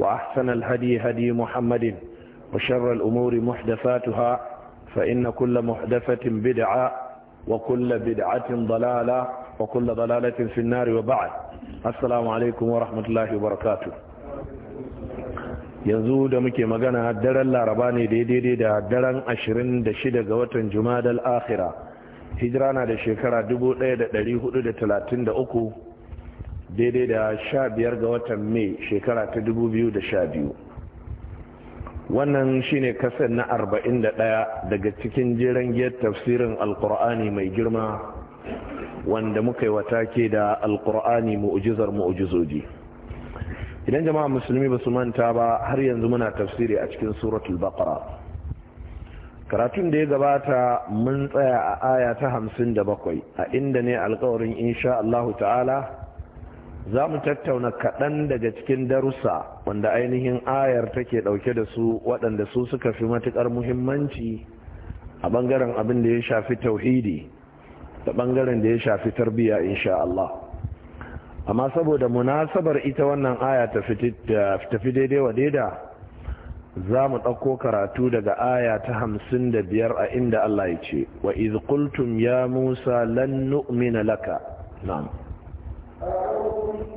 وأحسن الهدي هدي محمد وشر الأمور محدثاتها فإن كل محدثة بدعة وكل بدعة ضلالة وكل ضلالة في النار وبعد السلام عليكم ورحمة الله وبركاته yanzu da muke magana daren laraba ne daidai da daren 26 ga watan jumadal akhira hijira na da shekara 1433 daidai da sha biyar ga watan mai shekara ta dubu biyu da sha biyu wannan shine kasar na arba'in da ɗaya daga cikin jiran giyar tafsirin alkur'ani mai girma wanda muka yi wata ke da alkur'ani mu'ujizar mu'ujizoji idan jama'a musulmi ba su manta ba har yanzu muna tafsiri a cikin suratul bakara. karatun da ya gabata mun tsaya a aya ta hamsin da bakwai a inda ne alkawarin insha Allah ta'ala za mu tattauna kaɗan daga cikin darussa wanda ainihin ayar take ɗauke da su waɗanda su suka fi matuƙar muhimmanci a ɓangaren abin da ya shafi tauhidi da ɓangaren da ya shafi tarbiyya insha Allah amma saboda munasabar ita wannan aya ta fi daidai wa daida za mu ɗauko karatu daga aya ta hamsin da biyar a inda Allah ya ce wa iz qultum ya musa lan nu'mina laka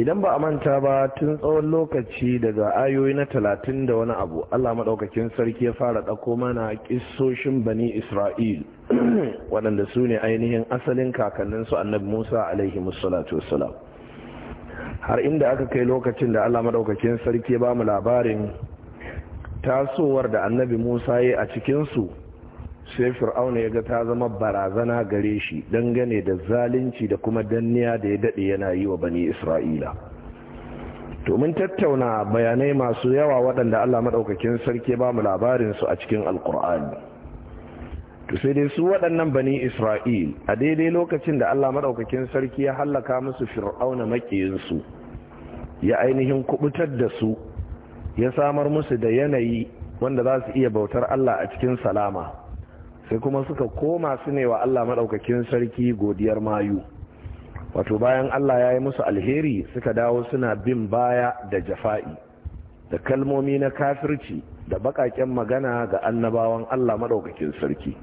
idan ba a manta ba tun tsawon lokaci daga ayoyi na talatin da wani abu allah maɗaukakin sarki ya fara ɗako mana ƙisoshin bani isra'il waɗanda su ne ainihin asalin kakanninsu annabi musa alaihi musulatu wasalam har inda aka kai lokacin da allah maɗaukakin sarki ya ba mu labarin tasowar da annabi musa ya a cikinsu sai fir'auna ya ga ta zama barazana gare shi dangane da zalunci da kuma danniya da ya daɗe yana yi wa bani isra'ila Domin tattauna bayanai masu yawa waɗanda allah maɗaukakin sarki ba mu labarinsu a cikin alkur'ani to sai dai su waɗannan bani isra'il a daidai lokacin da allah maɗaukakin sarki ya hallaka musu fir'auna maƙiyinsu ya ainihin kubutar da su ya samar musu da yanayi wanda za su iya bautar Allah a cikin salama sai kuma suka koma su ne wa Allah maɗaukakin sarki godiyar mayu wato bayan Allah ya yi musu alheri suka dawo suna bin baya da jafa'i da kalmomi na kafirci da baƙaƙen magana ga annabawan Allah maɗaukakin sarki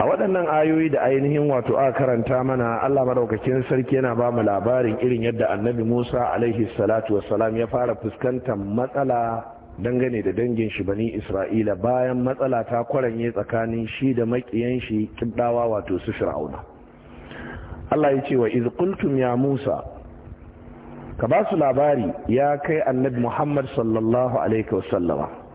a waɗannan ayoyi da ainihin wato a karanta mana Allah madaukakin sarki yana ba mu labarin irin yadda annabi Musa alaihi salatu wassalam ya fara fuskantar matsala dangane da dangin shi bani Isra'ila bayan matsala ta kwaranye tsakanin shi da makiyan shi kibdawa wato su Fir'auna Allah ya ce wa iz qultum ya Musa ka ba su labari ya kai annabi Muhammad sallallahu alaihi wasallama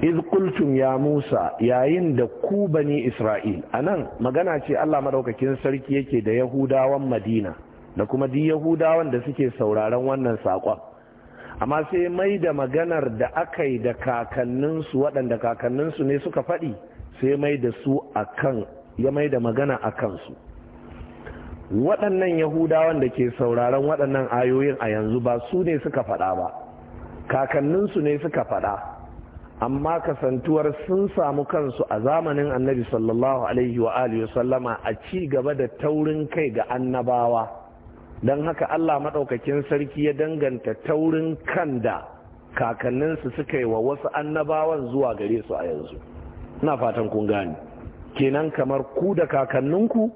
izkultun ya Musa yayin da ku bani Isra'il a nan magana ce Allah maɗaukakin sarki yake da Yahudawan Madina da kuma di Yahudawan da suke sauraron wannan saƙon amma sai mai da maganar da aka yi da kakanninsu waɗanda kakanninsu ne suka faɗi sai mai da su a ya mai da magana a kansu waɗannan Yahudawan da ke sauraron waɗannan ayoyin a yanzu ba su ne suka faɗa ba kakanninsu ne suka faɗa amma kasantuwar sun samu kansu a zamanin annabi sallallahu alaihi wa alihi sallama a ci gaba da taurin kai ga annabawa don haka Allah maɗaukakin sarki ya danganta taurin kan da kakanninsu suka yi wa wasu annabawan zuwa gare su a yanzu na fatan kun gane kenan kamar ku da kakanninku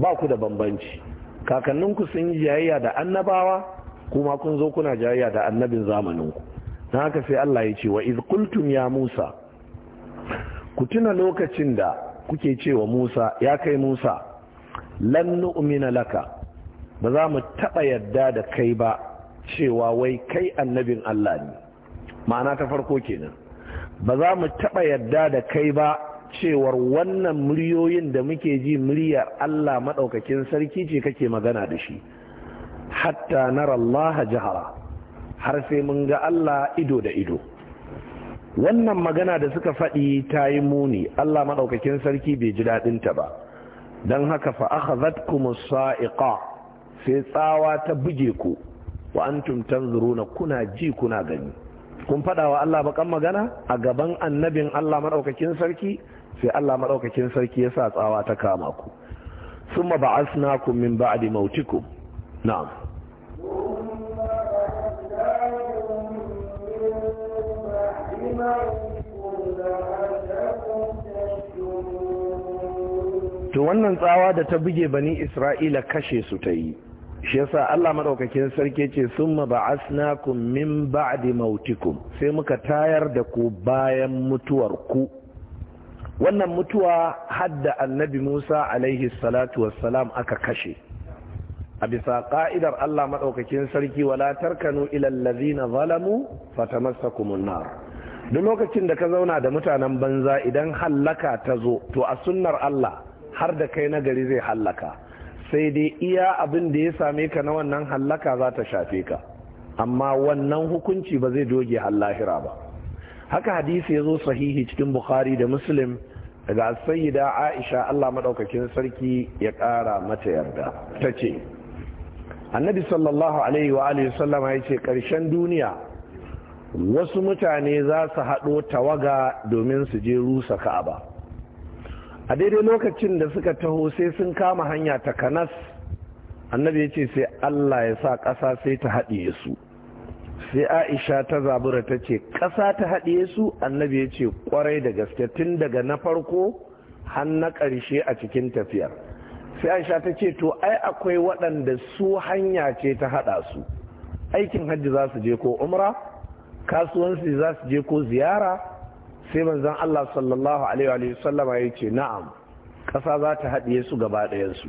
ba ku da bambanci kakanninku sun yi jayayya da annabawa kuma kun zo kuna jayayya da annabin zamaninku don haka sai Allah ya ce wa iz ya Musa ku tuna lokacin da kuke cewa Musa ya kai Musa lan nu'mina laka ba za mu taba yadda da kai ba cewa wai kai annabin Allah ne ma'ana ta farko kenan ba za mu taba yadda da kai ba cewar wannan muryoyin da muke ji muryar Allah madaukakin sarki ce kake magana da shi hatta nara Allah jahara har sai mun ga Allah ido da ido wannan magana da suka faɗi ta yi muni Allah maɗaukakin sarki bai ji daɗinta ba don haka fa fa'akhazatkumus sa'iqa sai tsawa ta buge ku wa antum tanzuruna kuna ji kuna gani kun faɗa wa Allah bakan magana a gaban annabin Allah maɗaukakin sarki sai Allah maɗaukakin sarki ya sa tsawa ta kama ku summa ba'asnakum min ba'di mautikum na'am to wannan tsawa da ta buge bani isra'ila kashe su ta yi shi yasa Allah maɗaukakin sarki ce summa kun min ba'adi mautikum sai muka tayar da ku bayan mutuwar ku wannan mutuwa hadda annabi Musa alaihi salatu wassalam aka kashe a bisa ka'idar Allah maɗaukakin sarki wala tarkanu ila na zalamu fatamassakumun nar duk lokacin da ka zauna da mutanen banza idan hallaka ta zo to a sunnar Allah har da kai nagari zai hallaka sai dai iya abin da ya same ka na wannan hallaka za ta shafe ka amma wannan hukunci ba zai doge hallahira ba haka hadisi ya zo sahihi cikin bukhari da muslim daga sayyida aisha allah maɗaukakin sarki ya ƙara mata yarda ta ce annabi sallallahu alaihi wa alihi sallama ya ce ƙarshen duniya wasu mutane za su haɗo tawaga domin su je rusa ka'aba a daidai lokacin da suka taho sai sun kama hanya ta kanas annabi ya ce sai allah ya sa ƙasa sai ta haɗiye su sai aisha ta zabura ta ce ƙasa ta haɗiye su annabi ya ce ƙwarai da gaske tun daga na farko har na ƙarshe a cikin tafiyar sai aisha ta ce to ai akwai waɗanda su hanya ce ta haɗa su aikin hajji za su je ko umra kasuwanci za su je ko ziyara sai manzon Allah sallallahu alaihi wa sallama ce na'am ƙasa za ta haɗiye su gaba ɗayansu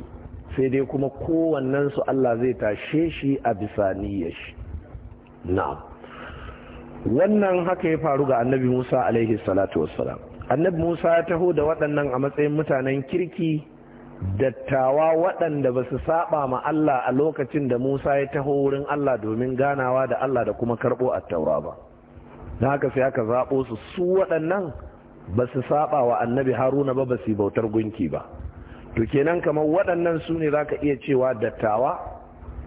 sai dai kuma kowannen su Allah zai tashe shi a bisa niyyar na'am wannan haka ya faru ga annabi Musa alaihi salatu wassalam annabi Musa ya taho da waɗannan a matsayin mutanen kirki dattawa waɗanda ba su saba ma Allah a lokacin da Musa ya taho wurin Allah domin ganawa da Allah da kuma karɓo a taura ba na haka sai aka zaɓo su su waɗannan ba su saɓa wa annabi haruna ba ba su bautar gunki ba to kenan kamar waɗannan su ne za ka iya cewa dattawa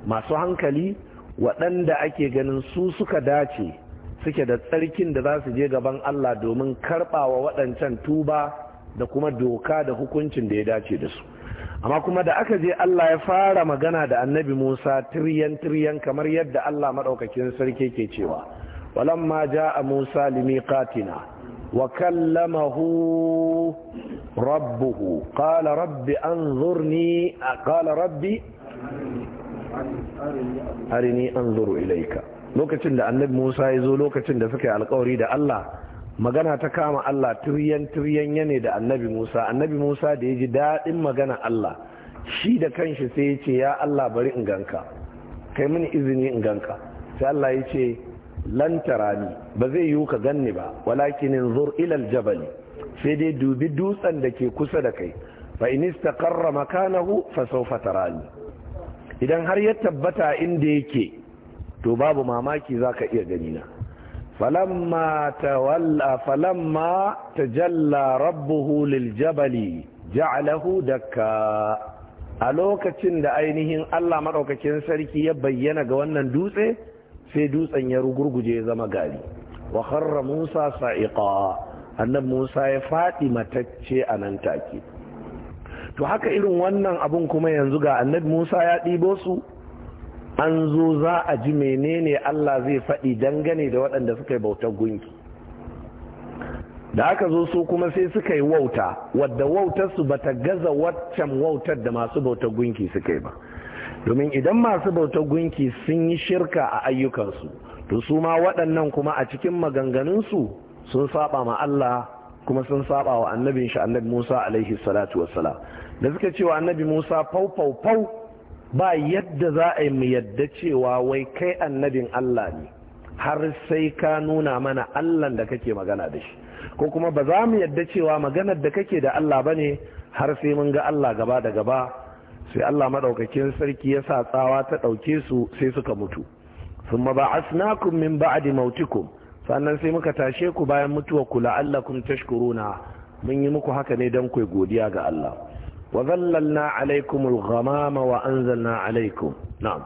masu hankali waɗanda ake ganin su suka dace suke da tsarkin da za su je gaban Allah domin karɓawa waɗancan tuba da kuma doka da hukuncin da ya dace da su amma kuma da aka je Allah ya fara magana da annabi Musa tiryan tiryan kamar yadda Allah maɗaukakin sarki ke cewa ولما جاء موسى لميقاتنا وكلمه ربه قال رب أنظرني قال ربي أرني أنظر إليك lokacin da annabi Musa ya zo lokacin da suka yi alkawari da Allah magana ta kama Allah turiyan turiyan yane da annabi Musa annabi Musa da ya ji daɗin magana Allah shi da kanshi sai ya ce ya Allah bari in ganka kai mini izini in ganka sai Allah ya ce lan tarani ba zai yiwu ka ganni ba walakin zur ilal jabali sai dai dubi dutsen da ke kusa da kai fa in istaqarra makanahu fa sawfa tarani idan har ya tabbata inda yake to babu mamaki zaka iya gani na falamma tawalla falamma tajalla rabbuhu liljabali ja'alahu dakka a lokacin da ainihin Allah maɗaukakin sarki ya bayyana ga wannan dutse sai dutsen ya rugurguje ya zama gari wa kharra musa sa'iqa annabi musa ya faɗi matacce a nan take to haka irin wannan abun kuma yanzu ga annabi musa ya ɗibo su an zo za a ji menene allah zai faɗi dangane da waɗanda suka yi bautar gunki da aka zo su kuma sai suka yi wauta wadda wautarsu ba ta gaza waccan wautar da masu bautar gunki suka yi ba domin idan masu bautar gunki sun yi shirka a ayyukansu to su ma waɗannan kuma a cikin maganganunsu sun saba ma Allah kuma sun saba wa annabin shi annabi Musa alaihi salatu wassalam da suka cewa annabi Musa fau fau fau ba yadda za a yi mu yadda cewa wai kai annabin Allah ne har sai ka nuna mana Allah da kake magana da shi ko kuma ba za mu yadda cewa maganar da kake da Allah bane har sai mun ga Allah gaba da gaba sai Allah madaukakin sarki ya sa tsawa ta ɗauke su sai suka mutu sun ba'asnakum min ba'di mautikum sannan sai muka tashe ku bayan mutuwa ku la'allakum tashkuruna mun yi muku haka ne dan ku godiya ga Allah wa zallalna alaikumul ghamama wa anzalna alaikum na'am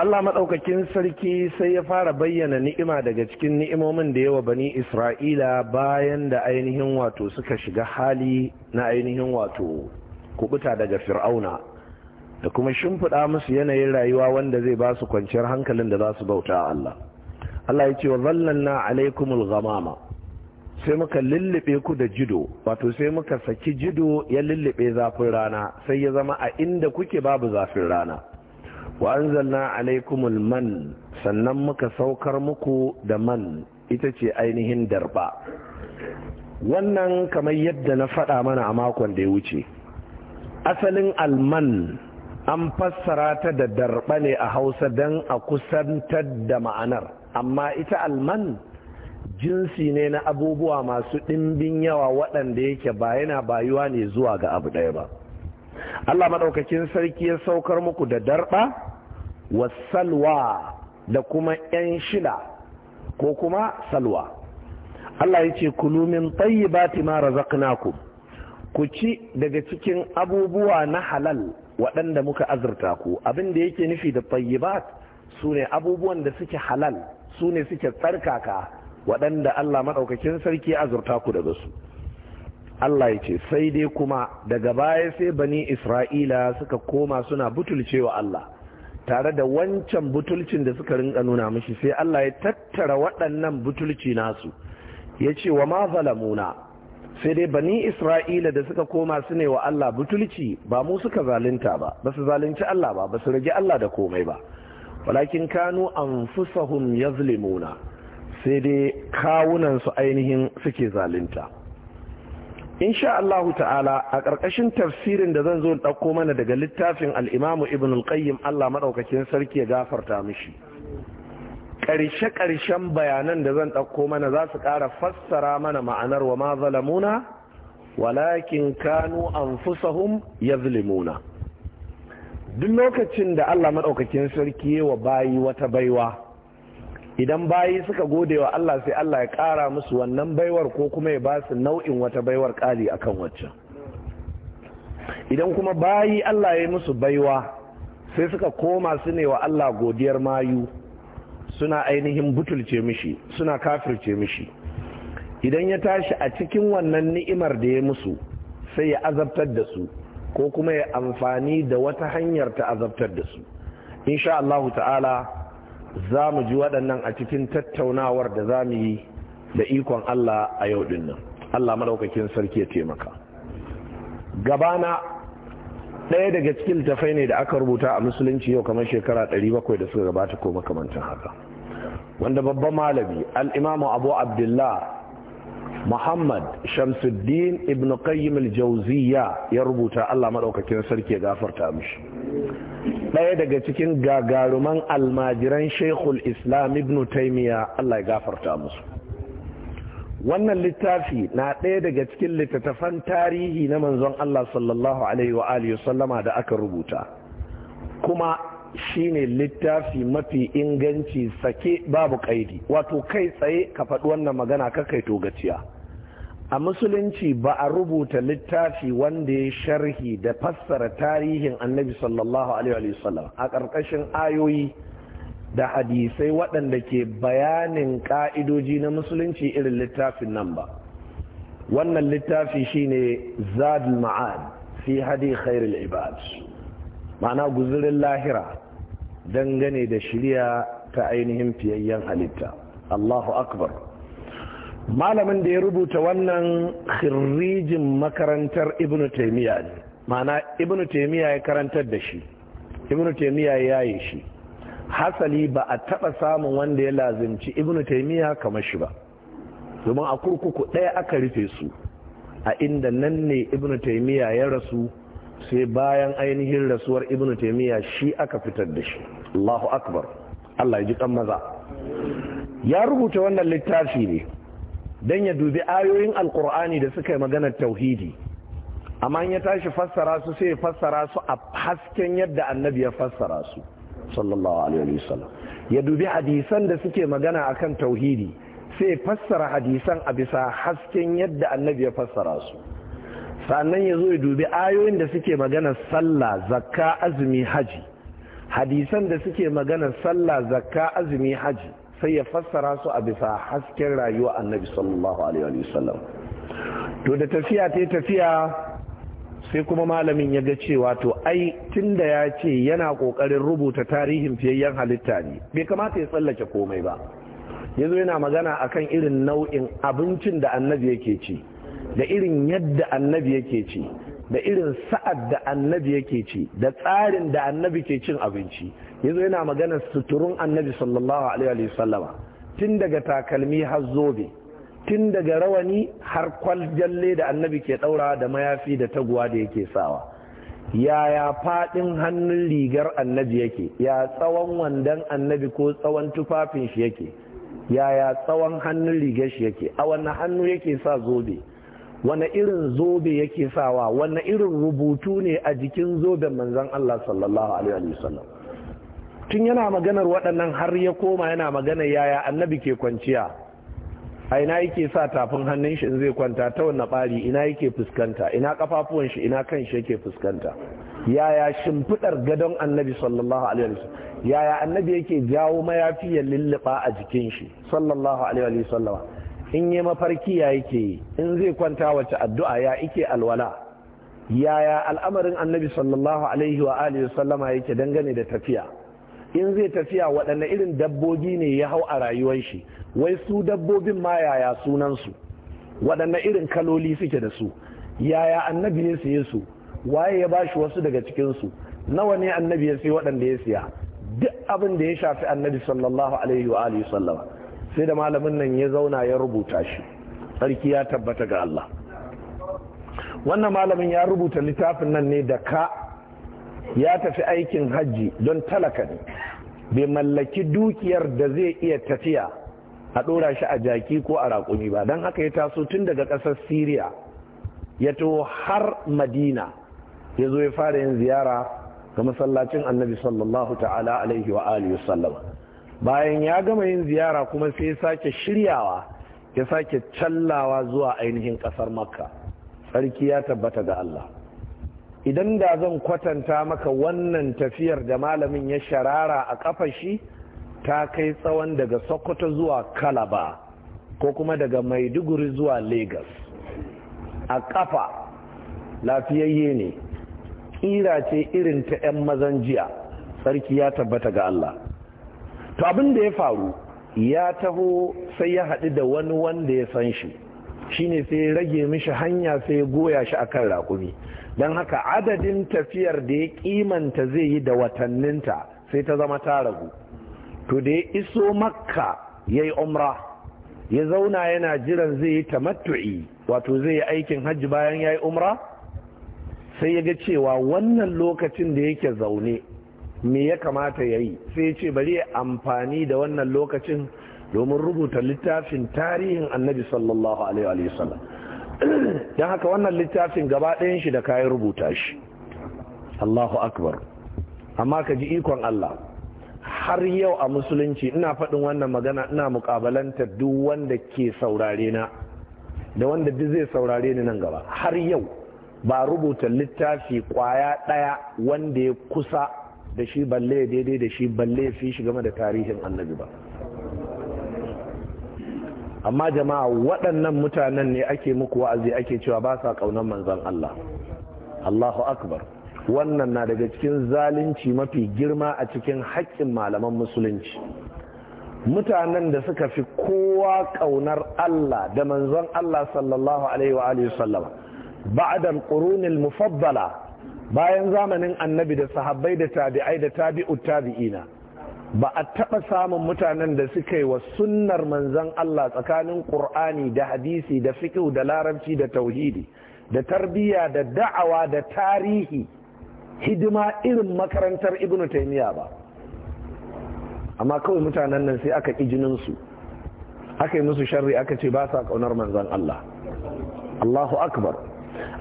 Allah maɗaukakin sarki sai ya fara bayyana ni'ima daga cikin ni'imomin da yawa bani Isra'ila bayan da ainihin wato suka shiga hali na ainihin wato kubuta daga fir'auna da kuma shimfiɗa musu yanayin rayuwa wanda zai ba su kwanciyar hankalin da za su bauta Allah. Allah ya ce wa na alaikumul ghamama sai muka lullube ku da jido wato sai muka saki jido ya lullube zafin rana sai ya zama a inda kuke babu zafin rana. wa anzalna alaikumul man sannan muka saukar muku da man ita ce ainihin darba wannan kamar yadda na faɗa mana a makon da ya wuce asalin alman an fassara ta da darba ne a hausa don a kusantar da ma'anar amma ita alman jinsi ne na abubuwa masu ɗimbin yawa waɗanda yake ba yana bayuwa ne zuwa ga abu ɗaya ba Allah maɗaukakin sarki ya saukar muku da darɓa wasalwa da kuma ‘yan shila ko kuma salwa Allah ya ce kulumin ti ma razaqnakum ku ci daga cikin abubuwa na halal waɗanda muka azurta ku abin da yake nufi da ba su ne abubuwan da suke halal su ne suke tsarkaka waɗanda Allah maɗaukakin sarki azurta ku daga su Allah ya ce sai dai kuma daga baya sai bani Isra'ila suka koma suna wa Allah tare da wancan butulcin da suka rinka nuna mishi sai Allah ya tattara waɗannan butulci nasu ya ce wa ma sai dai bani Isra'ila da suka koma su ne wa Allah butulci ba mu suka zalunta ba ba su zalunci Allah ba ba su rage Allah da komai ba walakin kanu an ya yazlimuna sai dai kawunansu ainihin suke zalunta insha Allah ta'ala a ƙarƙashin tafsirin da zan zo ɗauko mana daga littafin al'imamu ibn al-qayyim Allah maɗaukakin sarki ya gafarta mishi ƙarshe-ƙarshen bayanan da zan ɗauko mana za su ƙara fassara mana ma'anar wa ma zalamuna walakin kanu anfusahum yazlimuna duk lokacin da Allah maɗaukakin sarki ya wa bayi wata baiwa idan bayi suka gode wa Allah sai Allah ya ƙara musu wannan baiwar ko kuma ya ba su nau'in wata baiwar ƙari akan waccan idan kuma bayi Allah ya yi musu baiwa sai suka koma su ne wa Allah godiyar mayu suna ainihin butulce mishi suna kafirce mishi idan ya tashi a cikin wannan ni'imar da ya musu sai ya azabtar da su ko kuma ya amfani da wata hanyar ta azabtar da su insha Allah ta'ala za mu ji waɗannan a cikin tattaunawar da za mu yi da ikon Allah a yau ɗin nan Allah maɗaukakin sarki ya taimaka gabana ɗaya daga cikin tafai ne da aka rubuta a musulunci yau kamar shekara 700 da suka gabata ko makamantan haka wanda babban malami al'imamu abu abdullah muhammad shamsuddin ibn qayyim al-jauziya ya rubuta Allah maɗaukakin sarki ya gafarta mishi ɗaya daga cikin gagaruman almajiran shekul islam ibn taimiya Allah ya gafarta musu wannan littafi na ɗaya daga cikin littattafan tarihi na manzon Allah sallallahu alaihi wa sallama da aka rubuta kuma shine littafi mafi inganci sake babu kaidi wato kai tsaye ka faɗi wannan magana ka kai to gaciya a musulunci ba a rubuta littafi wanda ya sharhi da fassara tarihin annabi sallallahu alaihi wasallam a ƙarƙashin ayoyi da hadisai waɗanda ke bayanin ƙa'idoji na musulunci irin littafin nan ba wannan littafi shine zadul ma'ad fi hadi khairul ibad ma'ana guzurin lahira dangane da shirya ta ainihin fiyayyen halitta allahu akbar malamin da ya rubuta wannan khirrijin makarantar Ibn taimiyya ne mana Ibn taimiyya ya karantar da shi Ibn taimiyya ya yi shi hasali ba a taɓa samun wanda ya lazimci Ibn taimiyya kamar shi ba domin a kurkuku ɗaya aka rufe su a inda nan ne Ibn taimiyya ya rasu sai bayan ainihin rasuwar Ibn taimiyya shi aka fitar da shi allahu akbar allah ya ji kan maza ya rubuta wannan littafi ne Dan ya dubi ayoyin alkur'ani da suka yi maganar tauhidi amma ya tashi fassara su sai fassara su a hasken yadda annabi ya fassara su sallallahu alaihi wasallam ya dubi hadisan da suke magana akan tauhidi sai fassara hadisan a bisa hasken yadda annabi ya fassara su sannan ya zo ya dubi ayoyin da suke magana sallah zakka azumi haji hadisan da suke magana sallah zakka azumi haji sai ya fassara su a bisa hasken rayuwa annabi sallallahu alaihi wasallam to da tafiya ta tafiya sai kuma malamin ya ga cewa to ai tunda ya ce yana kokarin rubuta tarihin fiyayyen halitta ne bai kamata ya tsallake komai ba zo yana magana akan irin nau'in abincin da annabi yake ci da irin yadda annabi yake ci da irin sa'ad da annabi yake ci da tsarin da annabi ke cin abinci yazo yana magana suturun annabi sallallahu alaihi wa sallama tun daga takalmi har zobe tun daga rawani har kwaljalle da annabi ke daura da mayafi da taguwa da yake sawa yaya fadin hannun rigar annabi yake ya tsawon wandan annabi ko tsawon tufafin shi yake yaya tsawon hannun rigar shi yake a wani hannu yake sa zobe wani irin zobe yake sawa wani irin rubutu ne a jikin zoben manzon Allah sallallahu alaihi wasallam tun yana maganar waɗannan har ya koma yana maganar yaya annabi ke kwanciya a ina yake sa tafin hannun shi in zai kwanta ta wanne ɓari ina yake fuskanta ina kafafuwan shi ina kan shi yake fuskanta yaya shimfiɗar gadon annabi sallallahu alaihi sallam? yaya annabi yake jawo mayafi ya lulluɓa a jikin shi sallallahu alaihi wasallam in yi mafarki ya yake yi in zai kwanta wace addu'a ya ike alwala yaya al'amarin annabi sallallahu alaihi wa alihi wasallama yake dangane da tafiya in zai tafiya waɗanne irin dabbobi ne ya hau a rayuwar shi wai su dabbobin ma yaya sunansu waɗanne irin kaloli suke da su yaya annabi ya siye su waye ya bashi wasu daga cikinsu nawa ne annabi ya siya waɗanda ya siya duk abin da ya shafi annabi sallallahu alaihi wa alihi sallama sai da malamin nan ya zauna ya rubuta shi sarki ya tabbata ga Allah wannan malamin ya rubuta littafin nan ne da ka ya tafi aikin hajji don talaka ne bai mallaki dukiyar da zai iya tafiya a ɗora shi a jaki ko a raƙumi ba don haka ya taso tun daga ƙasar siriya ya taho har madina ya zo ya fara yin ziyara ga masallacin annabi sallallahu ta'ala alaihi wa alihi sallama bayan ya gama yin ziyara kuma sai ya sake shiryawa ya sake tallawa zuwa ainihin ƙasar makka sarki ya tabbata ga allah idan da zan kwatanta maka wannan tafiyar da malamin ya sharara a ƙafa shi ta kai tsawon daga sokoto zuwa kalaba ko kuma daga maiduguri zuwa lagos a ƙafa lafiyayye ne kira ce irin ta 'yan mazan jiya sarki ya tabbata ga allah to abin da ya faru ya taho sai ya haɗu da wani wanda ya san shi shine sai ya rage mishi hanya sai ya goya shi a kan raƙumi don haka adadin tafiyar da ya kimanta zai yi da watanninta sai ta zama ta ragu to da ya iso makka ya yi umra ya zauna yana jiran zai yi tamattu'i wato zai yi aikin hajji bayan ya yi umra sai ya ga cewa wannan lokacin da yake zaune me ya kamata ya yi sai ya ce bari ya amfani da wannan lokacin domin rubuta littafin tarihin annabi sallallahu alaihi wasallam don haka wannan littafin gaba ɗayan shi da kayan rubuta shi Allahu akbar amma ka ji ikon Allah har yau a musulunci ina faɗin wannan magana ina mukabalanta duk wanda ke saurare na da wanda duk zai saurare ni nan gaba har yau ba rubuta littafi kwaya ɗaya wanda ya kusa da shi balle daidai da shi balle fi shi game da tarihin annabi ba amma jama'a waɗannan mutanen ne ake muku wa'azi ake cewa ba sa ƙaunar manzon Allah Allahu akbar wannan na daga cikin zalunci mafi girma a cikin haƙƙin malaman musulunci mutanen da suka fi kowa ƙaunar Allah da manzon Allah sallallahu alaihi wa alihi sallama ba'da al mufaddala bayan zamanin annabi da sahabbai da tabi'ai da tabi'ut tabi'ina ba a taɓa samun mutanen da suka yi wa sunnar manzan Allah tsakanin ƙur'ani da hadisi da fiƙi da larabci da tauhidi da tarbiyya da da'awa da tarihi hidima irin makarantar ibnu taimiyya ba amma kawai mutanen nan sai aka ƙi jininsu aka yi musu sharri aka ce ba sa ƙaunar manzan Allah Allahu akbar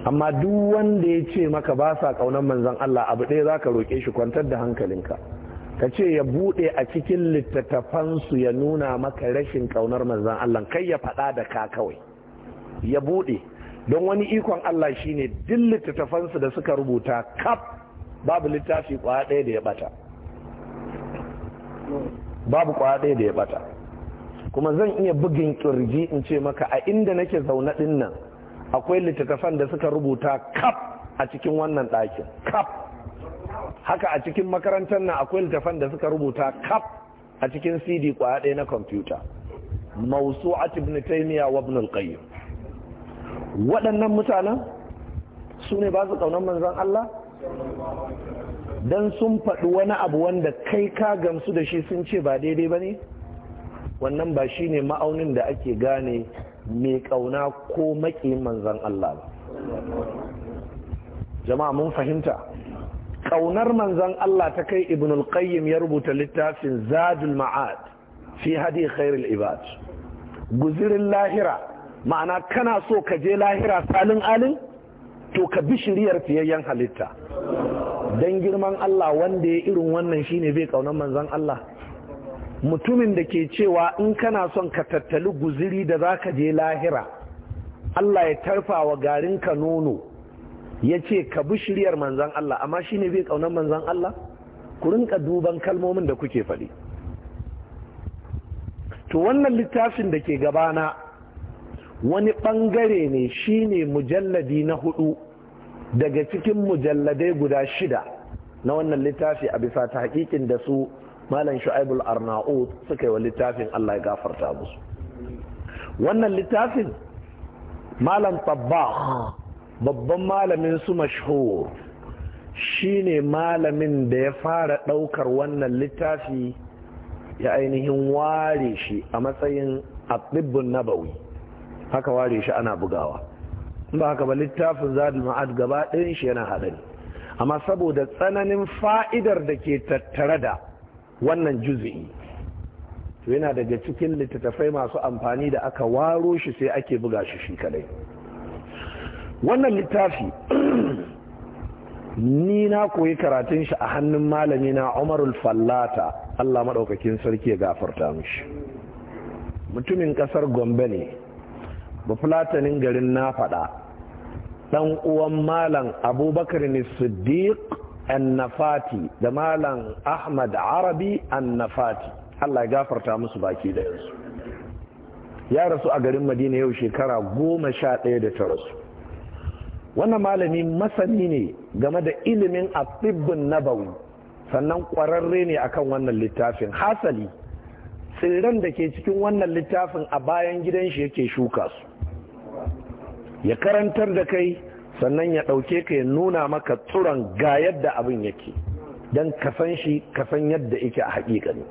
amma duk wanda ya ce maka ba sa ƙaunar manzan Allah abu ɗaya za ka roƙe shi kwantar da hankalinka ka ce ya buɗe a cikin littattafansu ya nuna maka rashin ƙaunar manzan Allah kai ya faɗa da ka kawai ya buɗe don wani ikon Allah shi ne duk littattafansu da suka rubuta kaf babu littafi kwaya ɗaya da ya ɓata. babu kwaya ɗaya da ya ɓata. kuma zan iya bugin kirji in ce maka a inda nake zaune ɗin akwai littattafan da suka rubuta kaf a cikin wannan ɗakin kaf haka a cikin makarantar nan akwai littafan da suka rubuta kaf a cikin cd kwaya ɗaya na kwamfuta a ibn taymiya wa ibn al waɗannan mutanen su ne ba su ƙaunar manzan Allah don sun faɗi wani abu wanda kai ka gamsu da shi sun ce ba daidai ba ne wannan ba shi ne ma'aunin da ake gane mai ƙauna ko maƙi manzan Allah ba jama'a mun fahimta kaunar manzan Allah ta kai ibn al-qayyim ya rubuta littafin zadul ma'ad fi hadi khairul ibad guzirin lahira ma'ana kana so ka je lahira salin alin to ka bi shiriyar fiyayyen halitta dan girman Allah wanda ya irin wannan shine bai kaunar manzan Allah mutumin da ke cewa in kana son ka tattali guziri da zaka je lahira Allah ya tarfa wa garinka nono ya ce ka bi shiryar manzan Allah amma shi ne bai kaunar manzan Allah ku rinka duban kalmomin da kuke faɗi to wannan littafin da ke gabana wani ɓangare ne shi ne mujalladi na hudu daga cikin mujalladai guda shida na wannan littafi a bisa ta hakikin da su malam shu'aibul arnau suka yi wa littafin Allah ya gafarta musu wannan littafin malam tabbah babban malamin su mashhur shine malamin da ya fara ɗaukar wannan littafi ya ainihin ware shi a matsayin atibbun nabawi haka ware shi ana bugawa ba haka ba littafin zadul ma'ad gaba ɗayan shi yana haɗari amma saboda tsananin fa'idar da ke tattare da wannan juzi'i to yana daga cikin littattafai masu amfani da aka waro shi sai ake buga shi shi kadai wannan littafi ni na koyi karatun shi a hannun malami na umarul fallata allah maɗaukakin sarki ya gafarta mishi mutumin ƙasar gombe ne bafulatanin garin na faɗa ɗan uwan malam abubakar ne siddiq annafati da malam ahmad arabi annafati allah ya gafarta musu baki da yansu ya rasu a garin madina yau shekara goma sha ɗaya da ta rasu wannan malami masani ne game da ilimin atibbin nabawi sannan ƙwararre ne akan wannan littafin hasali tsirran da ke cikin wannan littafin a bayan gidan shi yake shuka su ya karantar da kai sannan ya ɗauke ka ya nuna maka tsuron ga yadda abin yake don kasan shi kasan yadda yake a haƙiƙani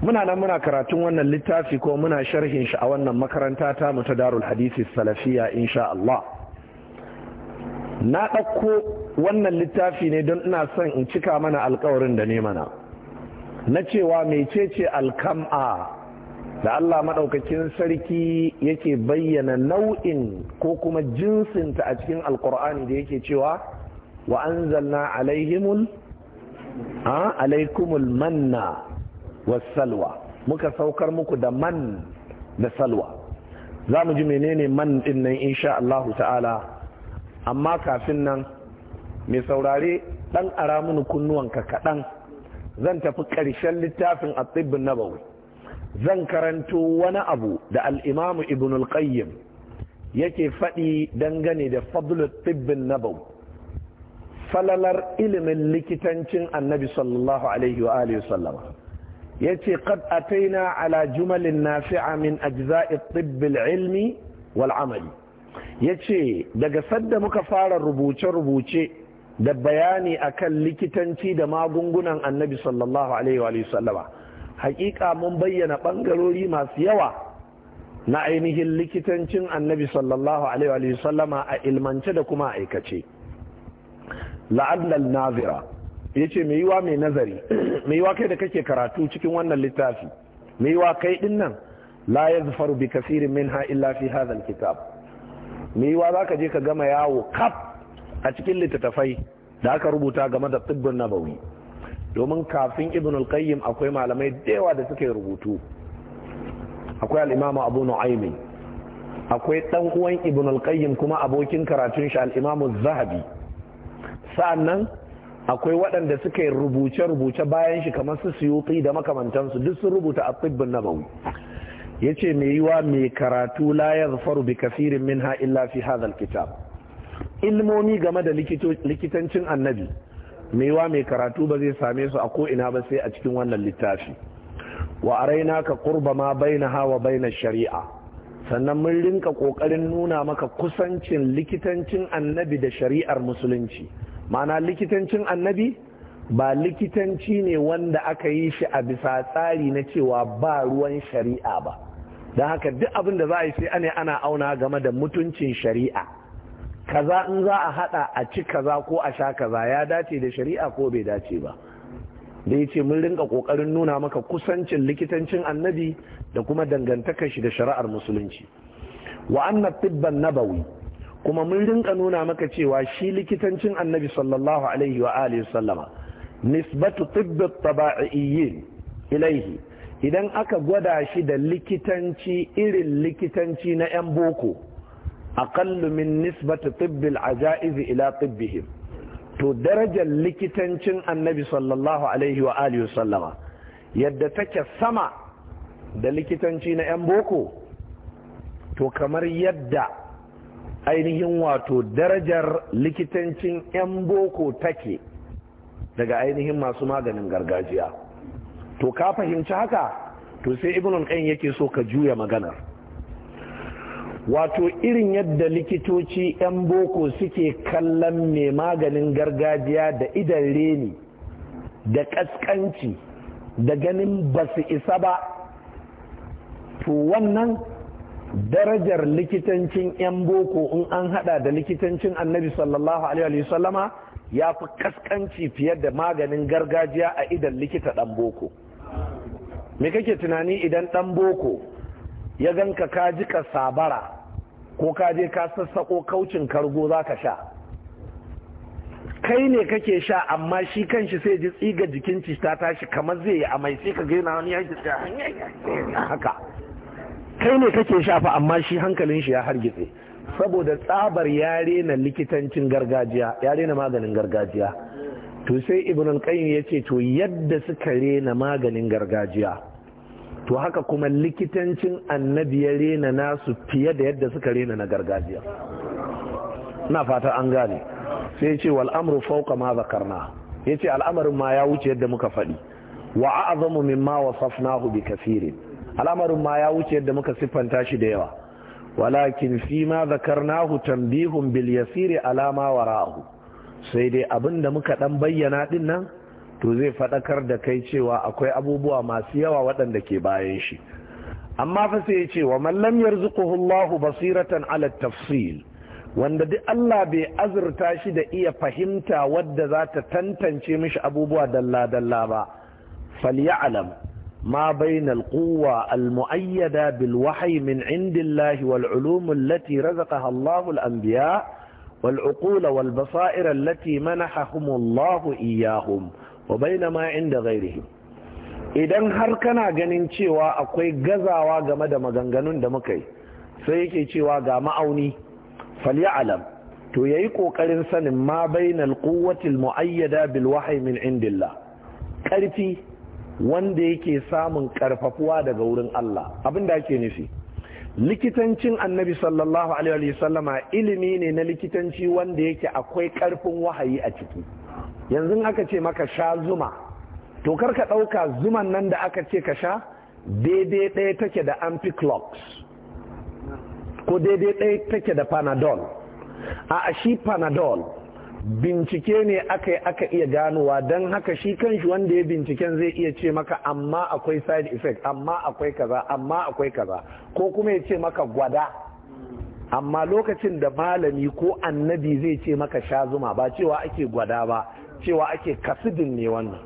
muna nan muna karatun wannan littafi ko muna sharhin shi a wannan makaranta ta mu ta darul hadisi salafiya insha Allah na ɗauko wannan littafi ne don ina son in cika mana alkawarin da ne mana na cewa mecece alkam'a da Allah maɗaukakin sarki yake bayyana nau'in ko kuma jinsinta a cikin alkur'ani da yake cewa wa anzalna alaihimul alaikumul manna salwa muka saukar muku da man da salwa za mu ji menene man ɗin nan insha Allah ta'ala amma kafin nan mai saurare ɗan ara mini kunnuwanka kaɗan zan tafi ƙarshen littafin a tsibbin nabawi zan karanto wani abu da al'imamu ibn al-qayyim yake faɗi dangane da fadlul tsibbin nabawi falalar ilimin likitancin annabi sallallahu alaihi wa alihi sallama ya ce qad ataina ala jumalin nafi'a min ajza'i tibbil ilmi wal amali ya ce daga sadda muka fara rubuce-rubuce da bayani akan likitanci da magungunan annabi sallallahu alaihi Wasallama. hakika mun bayyana bangarori masu yawa na ainihin likitancin annabi sallallahu alaihi Wasallama a ilmance da kuma aikace la'adlal nazira ya ce mai yiwa mai nazari mai yiwa kai da kake karatu cikin wannan littafi mai yiwa kai dinnan? la ya zufaru bi kasirin min ha illa fi hadha kitab me za ka je ka gama yawo kaf a cikin littattafai da aka rubuta game da tsibbin nabawi domin kafin ibn al akwai malamai da yawa da suke rubutu akwai al-imamu abu nu'aymi akwai dan uwan ibn al kuma abokin karatun shi al-imamu zahabi sa'annan akwai waɗanda suka yi rubuce-rubuce bayan shi kamar su suyuti da makamantansu duk sun rubuta a tsibbin nabawi yace mai yiwa mai karatu la zafaru bi kaseerin minha illa fi hadha alkitab ilmomi game da likitancin annabi mai yiwa mai karatu ba zai same su a ko ina ba sai a cikin wannan littafi wa araina ka qurba ma baina hawa baina shari'a sannan mun rinka kokarin nuna maka kusancin likitancin annabi da shari'ar musulunci ma'ana likitancin annabi ba likitanci ne wanda aka yi shi a bisa tsari na cewa ba ruwan shari'a ba don haka duk abin da za a yi sai ana ana auna game da mutuncin shari'a kaza in za a hada a ci kaza ko a sha kaza ya dace da shari'a ko bai dace ba da ya ce mun rinka kokarin nuna maka kusancin likitancin annabi da kuma dangantakar shi da shari'ar musulunci wa anna tibban nabawi kuma mun rinka nuna maka cewa shi likitancin annabi sallallahu alaihi wa alihi sallama nisbatu tibbi taba'iyyin ilaihi idan aka gwada shi da likitanci irin likitanci na 'yan boko aqallu min nisbati tibbil ajaiz ila tibbihim to darajar likitancin annabi sallallahu alaihi wa alihi sallama yadda take sama da likitanci na 'yan boko to kamar yadda ainihin wato darajar likitancin 'yan boko take daga ainihin masu maganin gargajiya to ka fahimci haka to sai ibn al yake so ka juya maganar wato irin yadda likitoci 'yan boko suke kallon mai maganin gargajiya da idan reni da kaskanci da ganin ba su isa ba to wannan darajar likitancin 'yan boko in an hada da likitancin annabi sallallahu alaihi wasallama ya fi kaskanci fiye da maganin gargajiya a idan likita ɗan boko me kake tunani idan ɗan boko ya ganka ka ji ka sabara ko ka je ka sassaƙo kaucin kargo za ka sha kai ne kake sha amma shi kanshi sai ji tsiga jikin ci ta tashi kamar zai yi amai sai ka gina wani yaki haka kai ne kake sha fa amma shi hankalin shi ya hargitse saboda tsabar yare na likitancin gargajiya yare na maganin gargajiya to sai ibn qayyim yace to yadda suka rena maganin gargajiya to haka kuma likitancin annabi ya rena nasu fiye da yadda suka rena na gargajiya na fata an gane sai yace wal amru fawqa ma zakarna yace al'amarin ma ya wuce yadda muka faɗi wa a'zamu mimma wasafnahu bi kaseerin al'amarin ma ya wuce yadda muka siffanta shi da yawa walakin fi ma zakarnahu tambihun bil yasiri alama wara'ahu sai dai abin da muka dan bayyana din nan to zai fadakar da kai cewa akwai abubuwa masu yawa waɗanda ke bayan shi amma fa sai ya ce wa man lam yarzuquhu basiratan ala tafsil wanda duk Allah bai azurta shi da iya fahimta wadda za ta tantance mishi abubuwa dalla-dalla ba fal'ya'alam ما بين القوة المؤيدة بالوحي من عند الله والعلوم التي رزقها الله الأنبياء والعقول والبصائر التي منحهم الله إياهم وبين ما عند غيرهم إذن هركنا جنين تشيوا أقوي جزا واغا مدى مغنغنون دمكي سيكي تشيوا غا مأوني فليعلم تويقو كالإنسان ما بين القوة المؤيدة بالوحي من عند الله كالتي wanda yake samun karfafuwa daga wurin Allah abin da ake nufi likitancin annabi sallallahu alaihi wasallama ilimi ne na likitanci wanda yake akwai karfin wahayi a ciki yanzu aka ce maka sha zuma to kar ka ɗauka zuman nan da aka ce ka sha daidai ɗaya take da ampiclox ko daidai ɗaya take da panadol a shi panadol bincike ne aka yi aka iya ganowa don haka shi kan shi wanda ya binciken zai iya ce maka amma akwai side effect amma akwai kaza amma akwai kaza ko kuma ya ce maka gwada amma lokacin da malami ko annabi zai ce maka sha zuma ba cewa ake gwada ba cewa ake kasidin ne wannan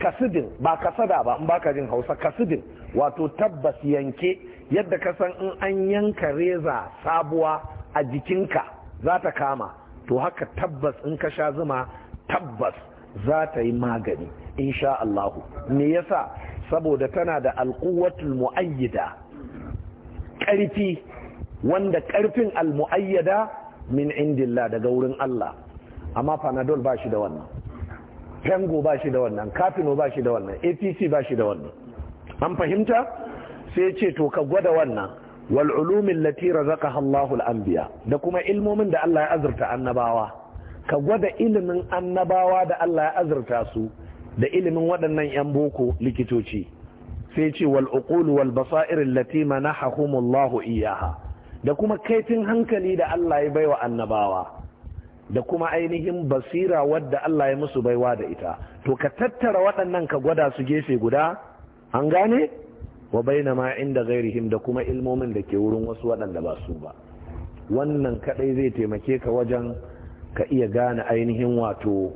kasidin ba kasada ba in baka jin hausa kasidin wato tabbas yanke yadda ka san in an yanka reza sabuwa a jikinka za ta kama to haka tabbas in ka sha zuma tabbas za ta yi magani insha allahu me yasa saboda tana da alquwatul mu'ayyada, ƙarfi wanda ƙarfin almuayyada min indillah daga wurin Allah amma panadol ba shi da wannan tango ba shi da wannan kafino ba shi da wannan apc ba shi da wannan an fahimta sai ce to ka gwada wannan Wal'ulumin ulumin lati razaqaha Allahu al-anbiya da kuma ilmomin da Allah ya azurta annabawa ka gwada ilimin annabawa da Allah ya azurta su da ilimin waɗannan yan boko likitoci sai ce wal uqul wal basair allati manahahum Allahu iyaha da kuma kaifin hankali da Allah ya baiwa annabawa da kuma ainihin basira wadda Allah ya musu baiwa da ita to ka tattara waɗannan ka gwada su gefe guda an gane wa baina ma inda ghairihim da kuma ilmomin da ke wurin wasu waɗanda ba su ba wannan kadai zai taimake ka wajen ka iya gane ainihin wato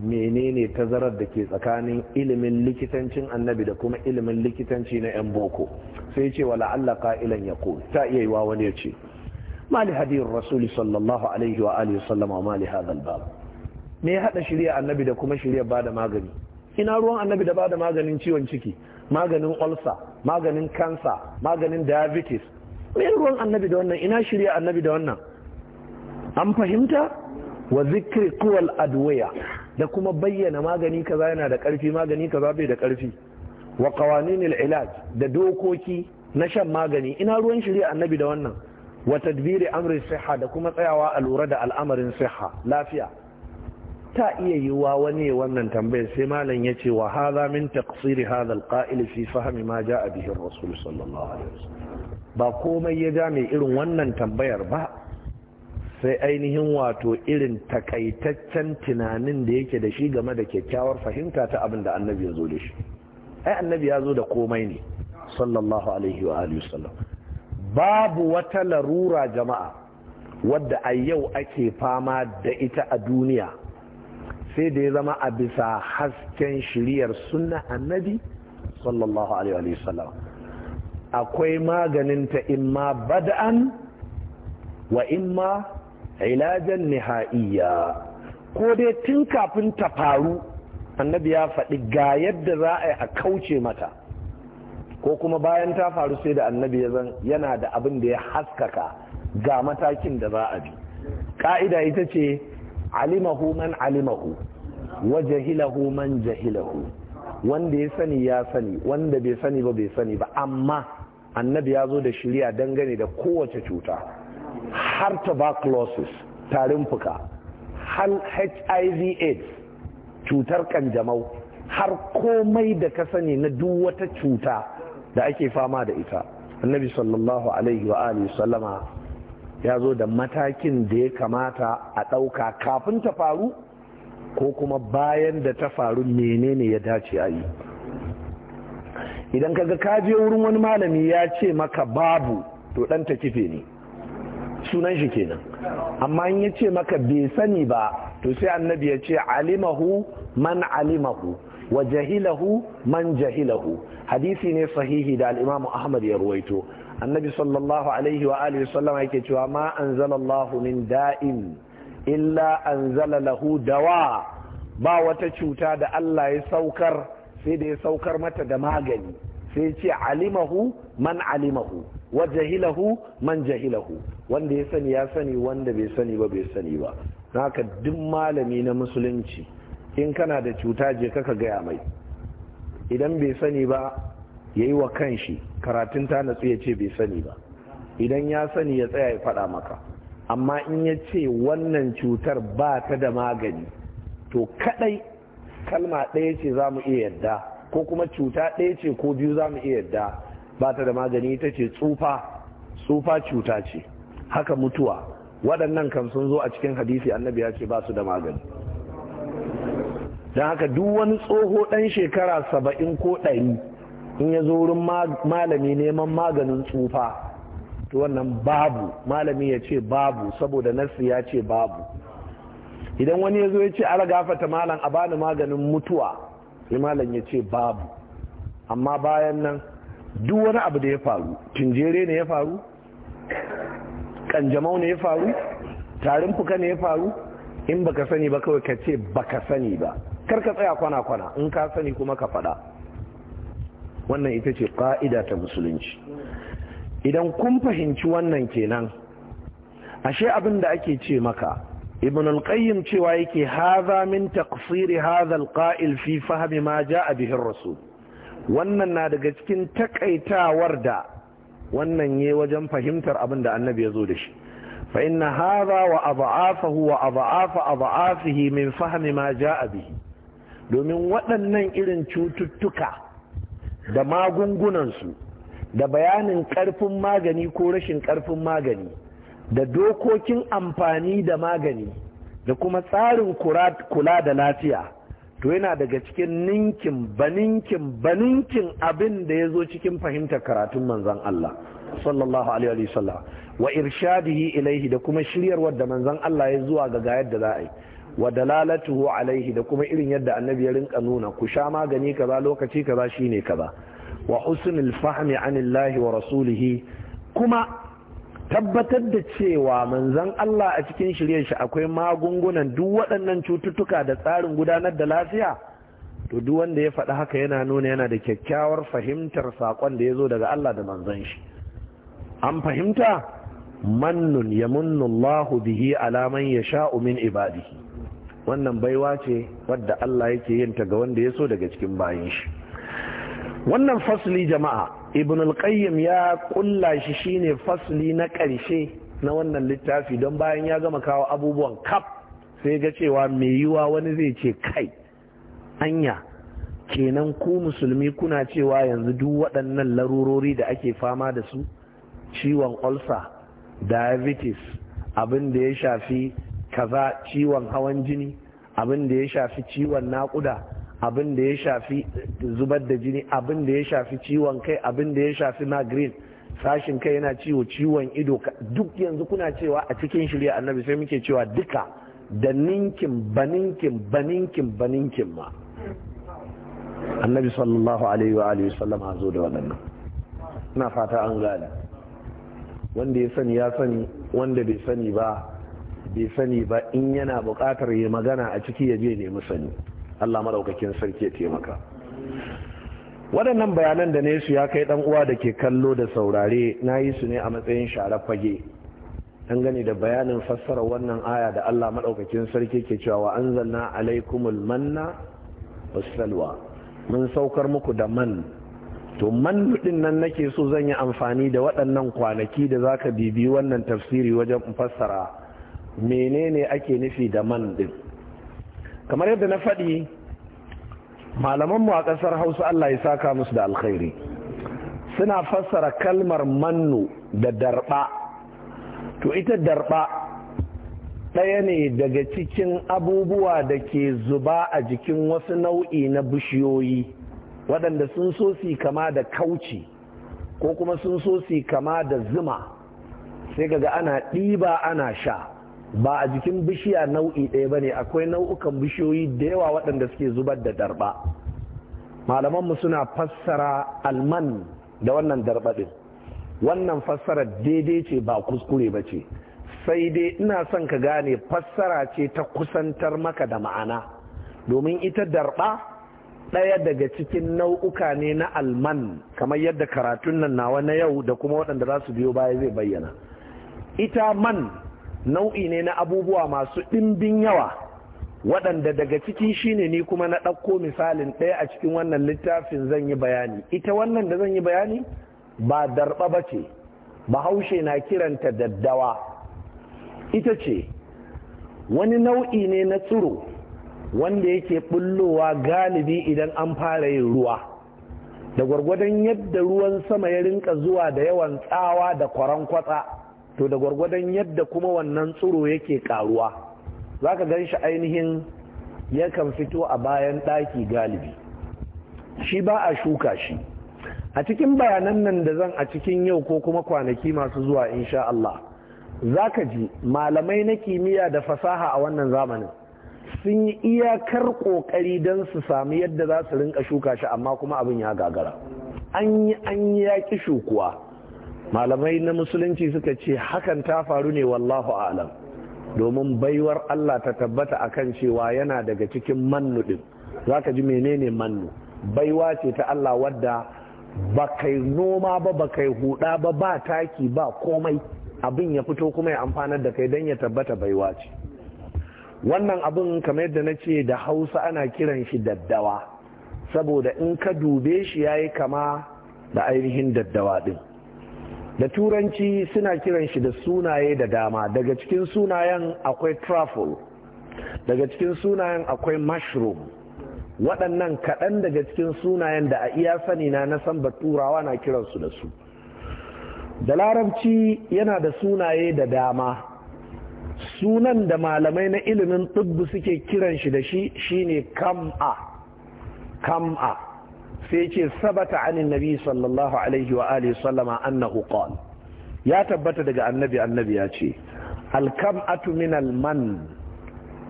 menene tazarar da ke tsakanin ilimin likitancin annabi da kuma ilimin likitanci na yan boko sai ce wala Allah qa'ilan yaqul ta iya yiwa wani ya ce ma li hadiyar rasul sallallahu alaihi wa alihi sallama ma li hadha bab me ya hada shirya annabi da kuma shirya bada magani ina ruwan annabi da bada maganin ciwon ciki maganin ulcer maganin kansa maganin diabetes me ruwan annabi da wannan ina shirya annabi da wannan an fahimta wa zikri kuwal adwaya da kuma bayyana magani kaza yana da karfi magani kaza bai da karfi wa qawaninil ilaj da dokoki na shan magani ina ruwan shirya annabi da wannan wa tadbiri amri siha da kuma tsayawa a lura da al'amarin siha lafiya ta iya yiwuwa wani wannan tambayar sai malam ya ce wa haza min taqsiri hadha alqa'il fi fahmi ma ja'a bihi rasul sallallahu alaihi wasallam ba komai ya ja mai irin wannan tambayar ba sai ainihin wato irin takaitaccen tunanin da yake da shi game da kyakkyawar fahimta ta abin da annabi ya zo da shi ai annabi ya zo da komai ne sallallahu alaihi wa alihi wasallam babu wata larura jama'a wadda a yau ake fama da ita a duniya sai da ya zama a bisa hasken shiriyar sunna annabi sallallahu alaihi wa sallam, akwai maganin ta imma bada'an wa imma ilajen niha'iyya ko dai tun kafin ta faru annabi ya faɗi ga yadda za a yi a kauce mata ko kuma bayan ta faru sai da annabi ya zan yana da abin da ya haskaka ga matakin da za a bi ƙa'ida ita ce alimahu man alimahu wa jahilahu man jahilahu wanda ya sani ya sani wanda bai sani ba bai sani ba amma annabi ya zo da shirya dangane da kowace cuta har tuberculosis tarin fuka har hiv aids cutar kanjamau har komai da ka sani na duk wata cuta da ake fama da ita annabi sallallahu alaihi wa alihi sallama ya zo da matakin da ya kamata a ɗauka kafin ta faru ko kuma bayan da ta faru menene ya dace a yi idan kaga ka wurin wani malami ya ce maka babu to ɗan ta kife ne sunan shi kenan amma in ya ce maka bai sani ba to sai annabi ya ce alimahu man alimahu wa jahilahu man jahilahu hadisi ne sahihi da al'imamu ahmad ya ruwaito annabi sallallahu alaihi wa alihi sallama yake cewa ma anzalallahu min da'in illa anzala lahu dawa ba wata cuta da Allah ya saukar sai da ya saukar mata da magani sai ce alimahu man alimahu wa jahilahu man jahilahu wanda ya sani ya sani wanda bai sani ba bai sani ba haka duk malami na musulunci in kana da cuta je kaka gaya mai idan bai sani ba ya yi wa kanshi karatun ta natsu ya ce bai sani ba idan ya sani ya tsaya ya faɗa maka amma in ya ce wannan cutar ba ta da magani to kaɗai kalma ɗaya ce za mu iya yadda ko kuma cuta ɗaya ce ko biyu za mu iya yadda ba ta da magani ita ce tsufa tsufa cuta ce haka mutuwa waɗannan kan sun zo a cikin hadisi annabi ya ce ba su da magani don haka duk wani tsoho ɗan shekara saba'in ko ɗari in ya zo wurin malami neman maganin tsufa to wannan babu malami ya ce babu saboda nassi ya ce babu idan wani ya zo ya ce ara gafata malam a bani maganin mutuwa sai malam ya ce babu amma bayan nan duk wani abu da ya faru tinjere ne ya faru kanjamau ne ya faru tarin fuka ne ya faru in baka sani ba kawai ka ce baka sani ba kar ka tsaya kwana-kwana in ka sani kuma ka faɗa wannan ita ce ƙa'ida ta musulunci idan kun fahimci wannan kenan ashe abin da ake ce maka ibn al-qayyim cewa yake haza min taqsiri haza al-qa'il fi fahmi ma ja'a bihi ar-rasul wannan na daga cikin takaitawar da wannan ne wajen fahimtar abin da annabi ya zo da shi fa inna hadha wa adha'afahu wa adha'afa adha'afihi min fahmi ma ja'a bihi domin waɗannan irin cututtuka da magungunansu da bayanin ƙarfin magani ko rashin ƙarfin magani da dokokin amfani da magani da kuma tsarin kula da lafiya to yana daga cikin ninkin baninkin baninkin abin da ya zo cikin fahimtar karatun manzan Allah sallallahu alaihi wa irshadihi ilaihi da kuma shiryarwar da manzan Allah ya zuwa ga ga yadda za a yi wa dalalatuhu alaihi da kuma irin yadda annabi ya rinka nuna ku sha magani kaza lokaci kaza shine kaza wa husnul fahmi anillahi wa rasulihi kuma tabbatar da cewa manzon Allah a cikin shiryar shi akwai magungunan duk waɗannan cututtuka da tsarin gudanar da lafiya to duk wanda ya faɗi haka yana nuna yana da kyakkyawar fahimtar saƙon da ya zo daga Allah da manzon shi an fahimta mannun yamunnu Allahu bihi ala man yasha'u min ibadihi wannan baiwa ce wadda Allah yake yin ta ga wanda ya so daga cikin bayan shi wannan fasli jama'a ibn al-qayyim ya kulla shi shine fasli na ƙarshe na wannan littafi don bayan ya gama kawo abubuwan kaf sai ga cewa mai yiwa wani zai ce kai anya kenan ku musulmi kuna cewa yanzu duk waɗannan larurori da ake fama da su ciwon ulcer diabetes abin da ya shafi kaza ciwon hawan jini abin da ya shafi ciwon naƙuda abin da ya shafi zubar da jini abin da ya shafi ciwon kai abin da ya shafi migraine sashin kai yana ciwo ciwon ido duk yanzu kuna cewa a cikin shirya annabi sai muke cewa duka da ninkin baninkin baninkin baninkin ma annabi sallallahu alaihi wa alihi sallam a zo da waɗannan ina fata an gane wanda ya sani ya sani wanda bai sani ba bai sani ba in yana bukatar ya magana a ciki ya je nemi sani Allah maɗaukakin sarki ya taimaka waɗannan bayanan da ne su ya kai ɗan uwa da ke kallo da saurare na yi su ne a matsayin sharar fage gani da bayanin fassara wannan aya da Allah maɗaukakin sarki ke cewa wa anzalna alaikumul manna wasalwa mun saukar muku da man to man din nan nake so zan yi amfani da waɗannan kwanaki da zaka bibi wannan tafsiri wajen fassara menene ake nufi da man din kamar yadda na faɗi malamanmu a ƙasar hausa allah ya saka musu da alkhairi suna fassara kalmar mannu da darɓa to ita darɓa ɗaya ne daga cikin abubuwa da ke zuba a jikin wasu nau'i na bishiyoyi waɗanda sun so su kama da kauci ko kuma sun so su kama da zuma sai kaga ana ɗiba ana sha ba a jikin bishiya nau'i ɗaya ba ne akwai nau'ukan bishiyoyi da yawa waɗanda suke zubar da darba malamanmu suna fassara alman da wannan ɗin wannan fassara daidai ce ba kuskure ba ce sai dai ina son ka gane fassara ce ta kusantar maka da ma'ana domin ita darba ɗaya daga cikin nau'uka ne na alman kamar yadda karatun nan nawa na yau da kuma waɗanda za su biyo baya zai bayyana ita man nau'i ne na abubuwa masu ɗimbin yawa waɗanda daga ciki shine ni kuma na ɗauko misalin ɗaya a cikin wannan littafin zan yi bayani ita wannan da zan yi bayani ba darɓa ba ce bahaushe na kiranta daddawa ita ce wani nau'i ne na tsiro wanda yake ɓullowa galibi idan an fara yin ruwa da gwargwadon yadda ruwan sama ya rinka zuwa da yawan tsawa da kwaran kwatsa to da gwargwadon yadda kuma wannan tsiro yake karuwa za ka gan shi ainihin yakan fito a bayan ɗaki galibi shi ba a shuka shi a cikin bayanan nan da zan a cikin yau ko kuma kwanaki masu zuwa insha Allah za ka ji malamai na kimiyya da fasaha a wannan zamanin sun yi iyakar ƙoƙari don su sami yadda za su rinka shuka shi amma kuma abin ya gagara an yi an yaƙi shukuwa malamai na musulunci suka ce hakan ta faru ne wallahu alam domin baiwar Allah ta tabbata akan cewa yana daga cikin mannu din ka ji menene mannu baiwa ce ta Allah wadda ba kai noma ba ba kai huda ba ba taki ba komai abin ya fito kuma ya amfanar da kai don ya tabbata baiwa ce wannan abin kamar yadda na ce da hausa ana kiran shi daddawa saboda in ka dube shi ya yi kama da ainihin daddawa din da turanci suna kiran shi da sunaye da dama daga cikin sunayen akwai truffle daga cikin sunayen akwai mushroom waɗannan kaɗan daga cikin sunayen da a iya sani na na san baturawa na kiransu da su da larabci yana da sunaye da dama sunan da malamai na ilimin tubbu suke kiran shi da shi shine kam'a kam'a sai ce sabata anin nabi sallallahu alaihi wa alihi sallama annahu ya tabbata daga annabi annabi ya ce alkam'atu min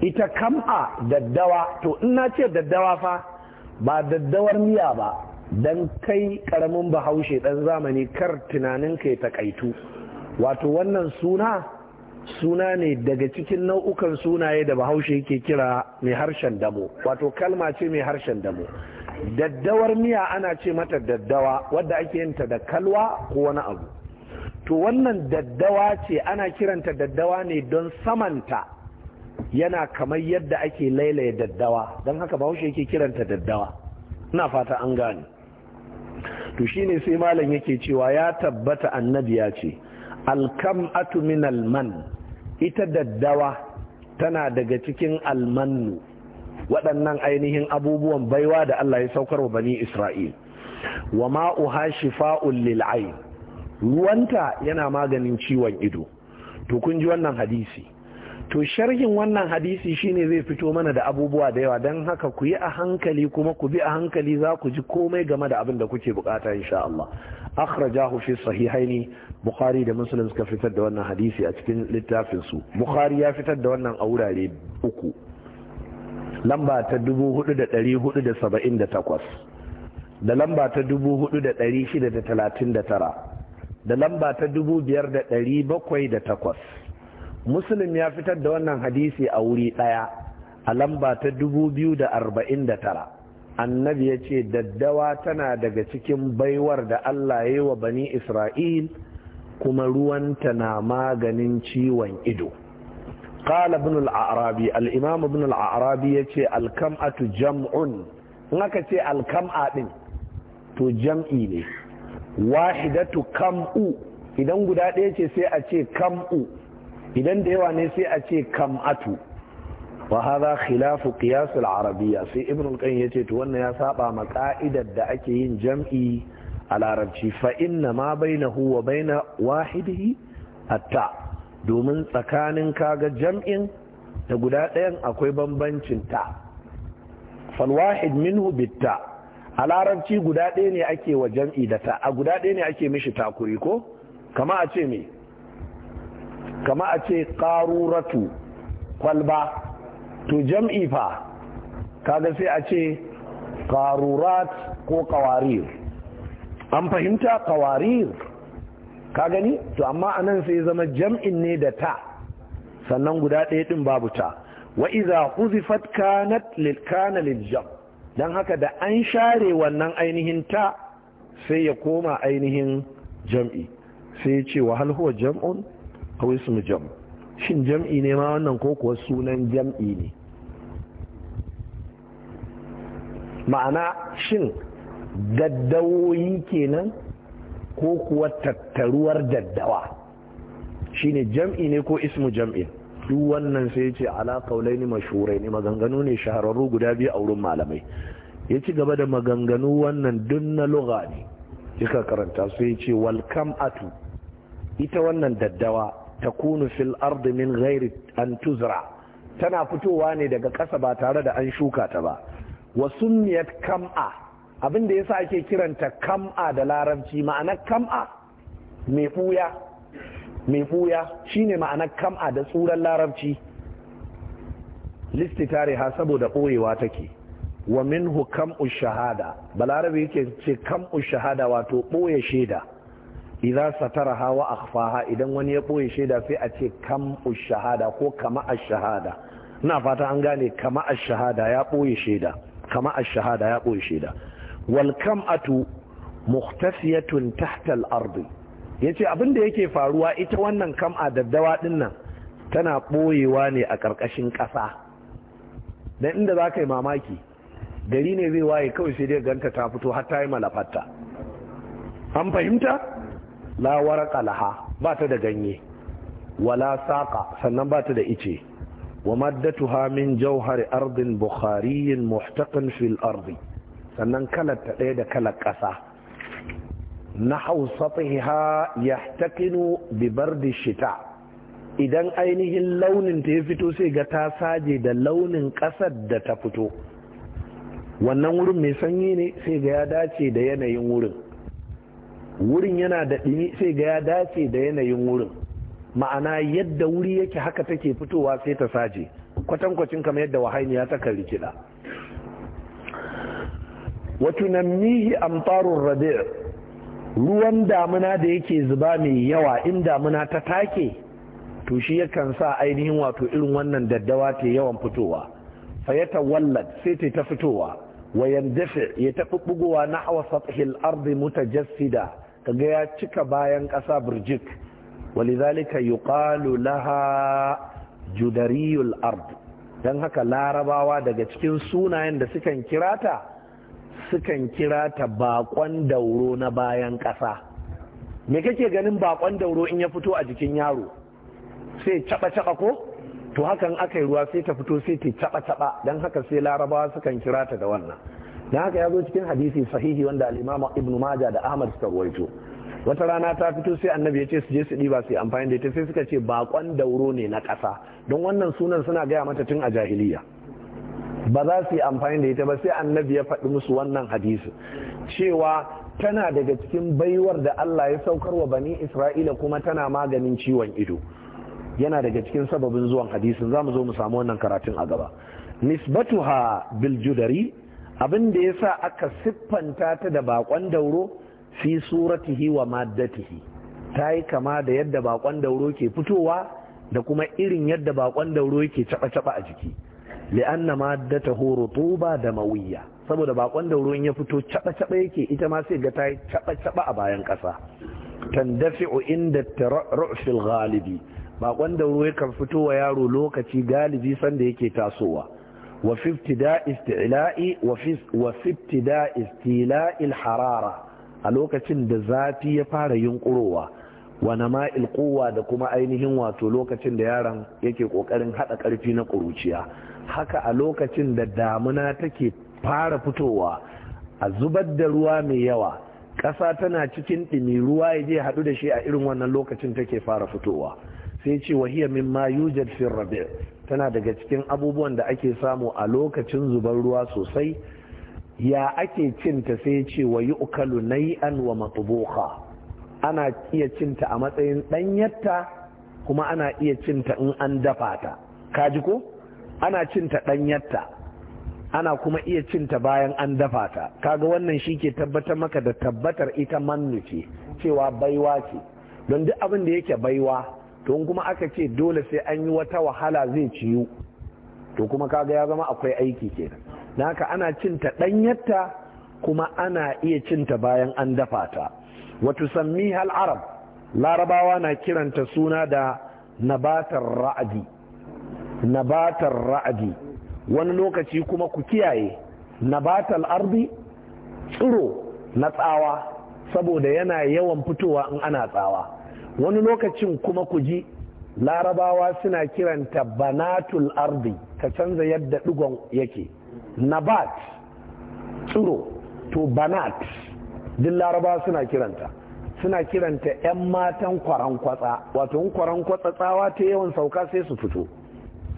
ita kam'a daddawa to in na ce daddawa fa ba daddawar miya ba dan kai karamin bahaushe dan zamani kar tunanin kai takaitu wato wannan suna suna ne daga cikin nau'ukan sunaye da bahaushe yake kira mai harshen damo wato kalma ce mai harshen damo daddawar miya ana ce mata daddawa wadda ake yin ta da kalwa ko wani abu to wannan daddawa ce ana kiranta daddawa ne don samanta yana kamar yadda ake lailaye daddawa don haka bahaushe yake kiranta daddawa na fata an gane to shi ne sai malam yake cewa ya tabbata annabi ya ce atu min alman ita daddawa tana daga cikin almanu. waɗannan ainihin abubuwan baiwa da Allah ya saukar wa bani Isra'il wa ma'uha shifa'un lil ruwanta yana maganin ciwon ido to kun ji wannan hadisi to sharhin wannan hadisi shine zai fito mana da abubuwa da yawa don haka ku yi a hankali kuma ku bi a hankali za ku ji komai game da abin da kuke bukata insha Allah akhrajahu fi sahihaini bukhari da muslim suka fitar da wannan hadisi a cikin littafin su bukhari ya fitar da wannan a wurare uku lamba ta 4478 da lamba ta 4639 da lamba ta 5708 muslim ya fitar da wannan hadisi a wuri daya a lamba ta 2049 annabi ya ce daddawa tana daga cikin baiwar da Allah ya yi wa bani isra'il kuma ruwanta na maganin ciwon ido qala ibn al-arabi al-imam ibn al-arabi yace al-kam'atu jam'un in aka ce al-kam'a din to jam'i ne hidatu kam'u idan guda ɗaya ce sai a ce kam'u idan da yawa ne sai a ce kam'atu wa hadha khilafu qiyas al-arabiyya sai ibn al-qayyim yace to wannan ya saba ma ka'idar da ake yin jam'i a larabci fa inna ma bainahu wa baina wahidihi at domin tsakanin kaga jam'in da guda ɗayan akwai bambancin ta falwahid minhu bitta a larabci guda ɗaya ne ake wa jam'i da ta a guda ɗaya ne ake mishi takuri ko kama a ce me kama a ce ƙaruratu kwalba to jam'i fa kaga sai a ce ƙarurat ko ƙawarir an fahimta ƙawarir ka gani to amma anan sai zama jam'in ne da ta sannan guda ɗaya ɗin babu ta wa iza huzifat kanat lil kana lil jam dan haka da an share wannan ainihin ta sai ya koma ainihin jam'i sai ya ce wa hal huwa jam'un aw ismu jam shin jam'i ne ma wannan ko kuwa sunan jam'i ne ma'ana shin daddawoyi kenan ko kuwa tattaruwar daddawa shine jam'i ne ko ismu jam'in duk wannan sai ce ala kaulaini mashurai ne maganganu ne shahararru guda biyu a wurin malamai ya ci gaba da maganganu wannan duk na lugha ne kika karanta sai ce wal kam'atu ita wannan daddawa takunu fil ardi min ghairi an tuzra tana fitowa ne daga ƙasa ba tare da an shuka ta ba wa sunniyat kam'a abin da ya sa ake kiranta kam'a da larabci ma'anar kam'a mai ɓuya mai ɓuya shine ma'anar kam'a da tsuran larabci listi tare ha saboda ɓoyewa take wa minhu kam'u shahada balarabe yake ce kam'u shahada wato ɓoye shaida idan satara hawa akhfaha idan wani ya ɓoye shaida sai a ce kam'u shahada ko kama shahada ina fata an gane kama shahada ya ɓoye shaida kama shahada ya ɓoye shaida walkam atu mukhtasiyatun tahtal ardi yace abin da yake faruwa ita wannan kam'a daddawa din nan tana boyewa ne a ƙarƙashin ƙasa, dan inda za ka yi mamaki gari ne zai waye kawai sai dai ganta ta fito har ta yi malafatta an fahimta la ƙalaha, ba ta da ganye wala saƙa, sannan ba ta da ice wa maddatuha min jawhari ardin bukhariyin muhtaqin fil ardi sannan kalar ta ɗaya da kalar ƙasa na hausatiha ya taƙinu bibardi shita idan ainihin launin ta ya fito sai ga ta saje da launin ƙasar da ta fito wannan wurin mai sanyi ne sai ga ya dace da yanayin wurin wurin yana da ɗumi sai ga ya dace da yanayin wurin ma'ana yadda wuri yake haka take fitowa sai ta saje kwatankwacin kamar yadda wahainiya ta kan rikida watunammihi amtarur rabi' ruwan damuna da yake zuba mai yawa in damuna ta take to shi yakan sa ainihin wato irin wannan daddawa ta yawan fitowa fayata wallad sai ta ta fitowa wayan dafe ya tafi bugowa na hawa sathil ardi mutajassida kaga ya cika bayan ƙasa burjik walizalika yuqalu laha judariyul ard dan haka larabawa daga cikin sunayen da sukan kirata sukan kira ta bakon dauro na bayan ƙasa me kake ganin bakon dauro in ya fito a jikin yaro sai caɓa-caɓa ko to hakan aka yi ruwa sai ta fito sai ta caɓa caɓa don haka sai larabawa sukan kira ta da wannan don haka ya zo cikin hadisi sahihi wanda alimama ibn maja da ahmad suka ruwaito wata rana ta fito sai annabi ya ce su je su ɗiba su yi amfani da ita sai suka ce bakon dauro ne na ƙasa don wannan sunan suna gaya mata tun a jahiliya ba za su yi amfani da ita ba sai annabi ya faɗi musu wannan hadisi cewa tana daga cikin baiwar da Allah ya saukar wa bani Isra'ila kuma tana maganin ciwon ido yana daga cikin sababin zuwan hadisin za mu zo mu samu wannan karatun a gaba nisbatuha bil biljudari abin da sa aka siffanta ta da bakon dauro fi suratihi wa maddatihi ta yi kama da yadda bakon dauro ke fitowa da kuma irin yadda bakon dauro yake taba-taba a jiki horo duba da mawuyya saboda bakon da ruwan ya fito caba caba yake ita ma sai ga ta yi a bayan kasa tandafi'u inda tarru'fil galibi bakon da ruwa kan fito wa yaro lokaci galibi sanda yake tasowa wa fi istila'il harara a lokacin da zafi ya fara yunƙurowa wa nama'il da kuma ainihin wato lokacin da yaron yake ƙoƙarin haɗa karfi na ƙuruciya. haka a lokacin da damuna take fara fitowa a zubar da ruwa mai yawa ƙasa tana cikin ɗumi ruwa ya je haɗu da shi a irin wannan lokacin take fara fitowa sai ce wahiyar min ma yujad fi tana daga cikin abubuwan da ake samu a lokacin zubar ruwa sosai ya ake cinta sai ce wa yu'kalu nai'an wa matbuha ana iya cinta a matsayin ɗanyatta kuma ana iya cinta in an dafa ta kaji ko ana cinta ɗanyarta ana kuma iya cinta bayan an dafa ta kaga wannan shi ke tabbatar maka da tabbatar ita mannu ce cewa baiwa ce don duk abin da yake baiwa to kuma aka ce dole sai an yi wata wahala zai ciyu to kuma kaga ya zama akwai aiki kenan na haka ana cinta ɗanyarta kuma ana iya cinta bayan an dafa ta wato sammi hal arab larabawa na kiranta suna da nabatar ra'adi nabatar ra'adi wani lokaci kuma ku kiyaye nabatal arbi tsiro na tsawa saboda yana yawan fitowa in ana tsawa wani lokacin kuma ku ji larabawa suna kiranta banatul arbi ka canza yadda digon yake nabat tsiro to banat din larabawa suna kiranta suna kiranta 'yan matan kwatsa, wato in kwatsa tsawa ta yawan sauka sai su fito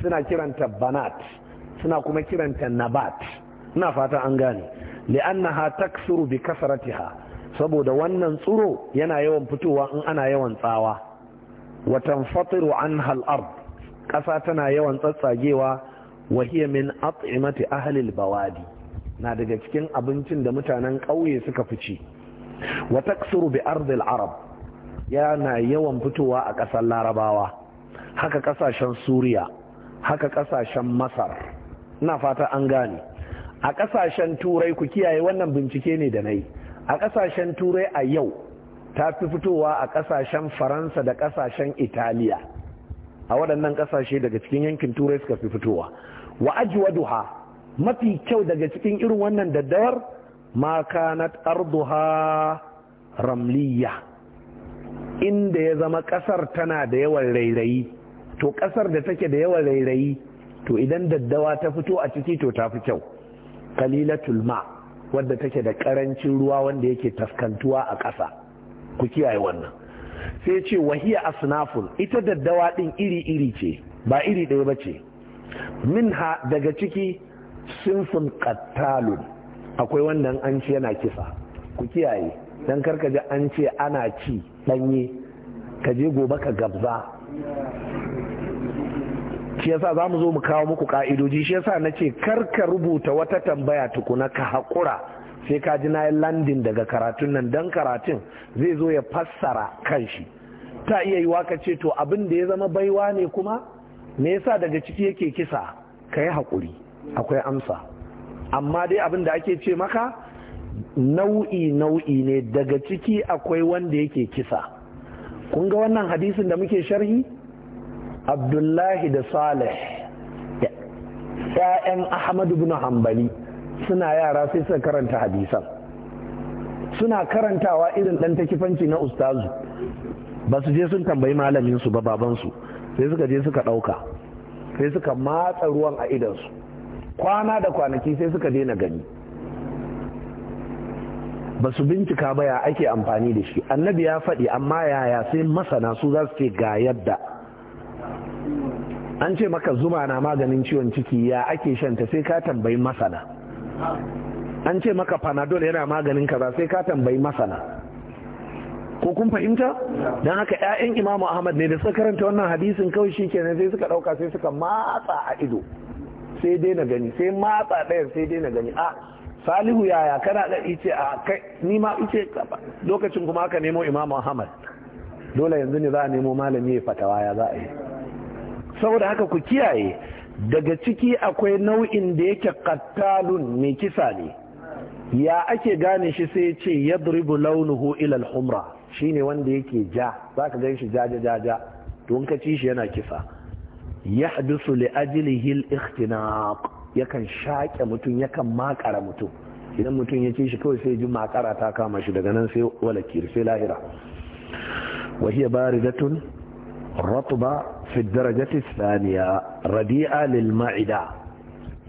suna kiranta banat suna kuma kiranta nabat ina fata an gane ha taksuru bi ha, saboda wannan tsuro yana yawan fitowa in ana yawan tsawa wa tanfatiru anha al-ard kasa tana yawan tsatsagewa wa hiya min at'imati ahli al-bawadi na daga cikin abincin da mutanen ƙauye suka fice wa taksuru bi ardi al-arab yana yawan fitowa a ƙasar larabawa haka ƙasashen suriya haka kasashen masar ina fata an gane a kasashen turai ku kiyaye wannan bincike ne da na a kasashen turai a yau ta fi fitowa a kasashen faransa da kasashen italiya a waɗannan kasashe daga cikin yankin turai suka fi fitowa wa duha mafi kyau daga cikin irin wannan daddawar ma arduha ramliya inda ya zama kasar tana da yawan rairayi to ƙasar da take da yawan rairayi to idan daddawa ta fito a ciki to ta fi kyau kalilatul ma wadda take da ƙarancin ruwa wanda yake taskantuwa a ƙasa ku kiyaye wannan sai ce wahiya asnafun ita daddawa ɗin iri-iri ce ba iri ɗaya ba ce minha daga ciki sinfin kattalun akwai wannan an ce yana kisa ku kiyaye don karkaji an ce ana ci ɗanye ka je gobe ka gabza shi yasa za mu zo mu kawo muku ka'idoji shi yasa na ce karka rubuta wata tambaya tukuna ka haƙura sai ka ji na landin daga karatun nan don karatun zai zo ya fassara kanshi ta iya yiwa waka ce to abin da ya zama baiwa ne kuma me yasa daga ciki yake kisa ka yi haƙuri akwai amsa amma dai abin da ake ce maka nau'i nau'i ne daga ciki akwai wanda yake kisa kun ga wannan hadisin da muke sharhi abdullahi da salih ‘ya'yan ahmad ibn hambali suna yara sai suka karanta hadisan suna karantawa irin dan takifanci na ustazu ba su je sun tambayi malaminsu ba babansu sai suka je suka ɗauka sai suka matsa ruwan a su kwana da kwanaki sai suka daina gani ba su bincika ba ya ake amfani da shi annabi ya faɗi amma yaya sai masana su za su ce ga yadda an ce maka zuma na maganin ciwon ciki ya ake shanta sai ka tambayi masana an ce maka panadol yana maganin kaza sai ka tambayi masana ko kun fahimta don haka 'ya'yan imamu ahmad ne da suka karanta wannan hadisin kawai shi kenan sai suka ɗauka sai suka matsa a ido sai dai na gani sai matsa ɗaya sai dai na gani a salihu yaya kana da ice a kai ni ma ice lokacin kuma aka nemo imamu ahmad dole yanzu ne za a nemo malami ya fatawa ya za a yi saboda haka ku kiyaye daga ciki akwai nau'in da yake katalun mai kisa ne ya ake gane shi sai ce yadribu launuhu ilal humra shine wanda yake ja zaka gan shi jaja jaja don ka ci shi yana kisa yahdusu li ajlihi al-ikhtinaq yakan shaƙe mutum yakan makara mutum idan mutum ya ci shi kawai sai ji makara ta kama shi daga nan sai wala sai lahira wa hiya baridatun ratuba fi darajati thaniya radi'a lil ma'ida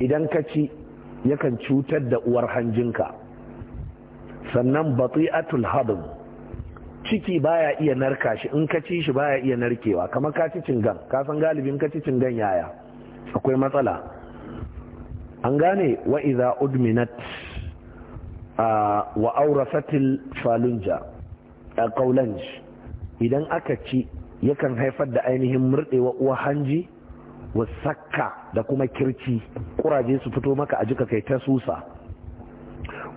idan ka ci yakan cutar da uwar hanjinka sannan bati'atul hadm ciki baya iya narka shi in ka ci shi baya iya narkewa kamar ka ci cingan ka san galibin ka ci cingan yaya akwai matsala an gane wa idza udminat wa aurafatil falunja a idan aka ci yakan haifar da ainihin murɗewa uwa hanji wa sakka da kuma kirki kuraje su fito maka a jika kai ta susa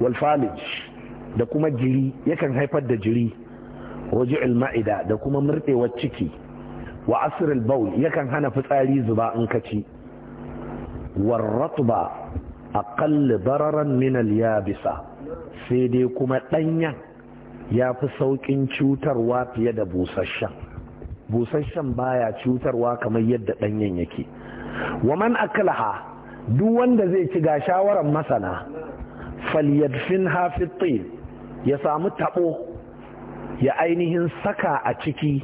walfalish da kuma jiri yakan haifar da jiri waje ilma'ida da kuma murɗewar ciki wa asirin baul yakan hana fitsari zuba in ka ci war a aqall dararan ya yabisa sai dai kuma ɗanyen ya fi saukin cutarwa fiye da busasshen busasshen baya cutarwa kamar yadda ɗanyen yake wa man aklaha duk wanda zai ci ga shawarar masana falyadfin hafitin ya samu taɓo ya ainihin saka a ciki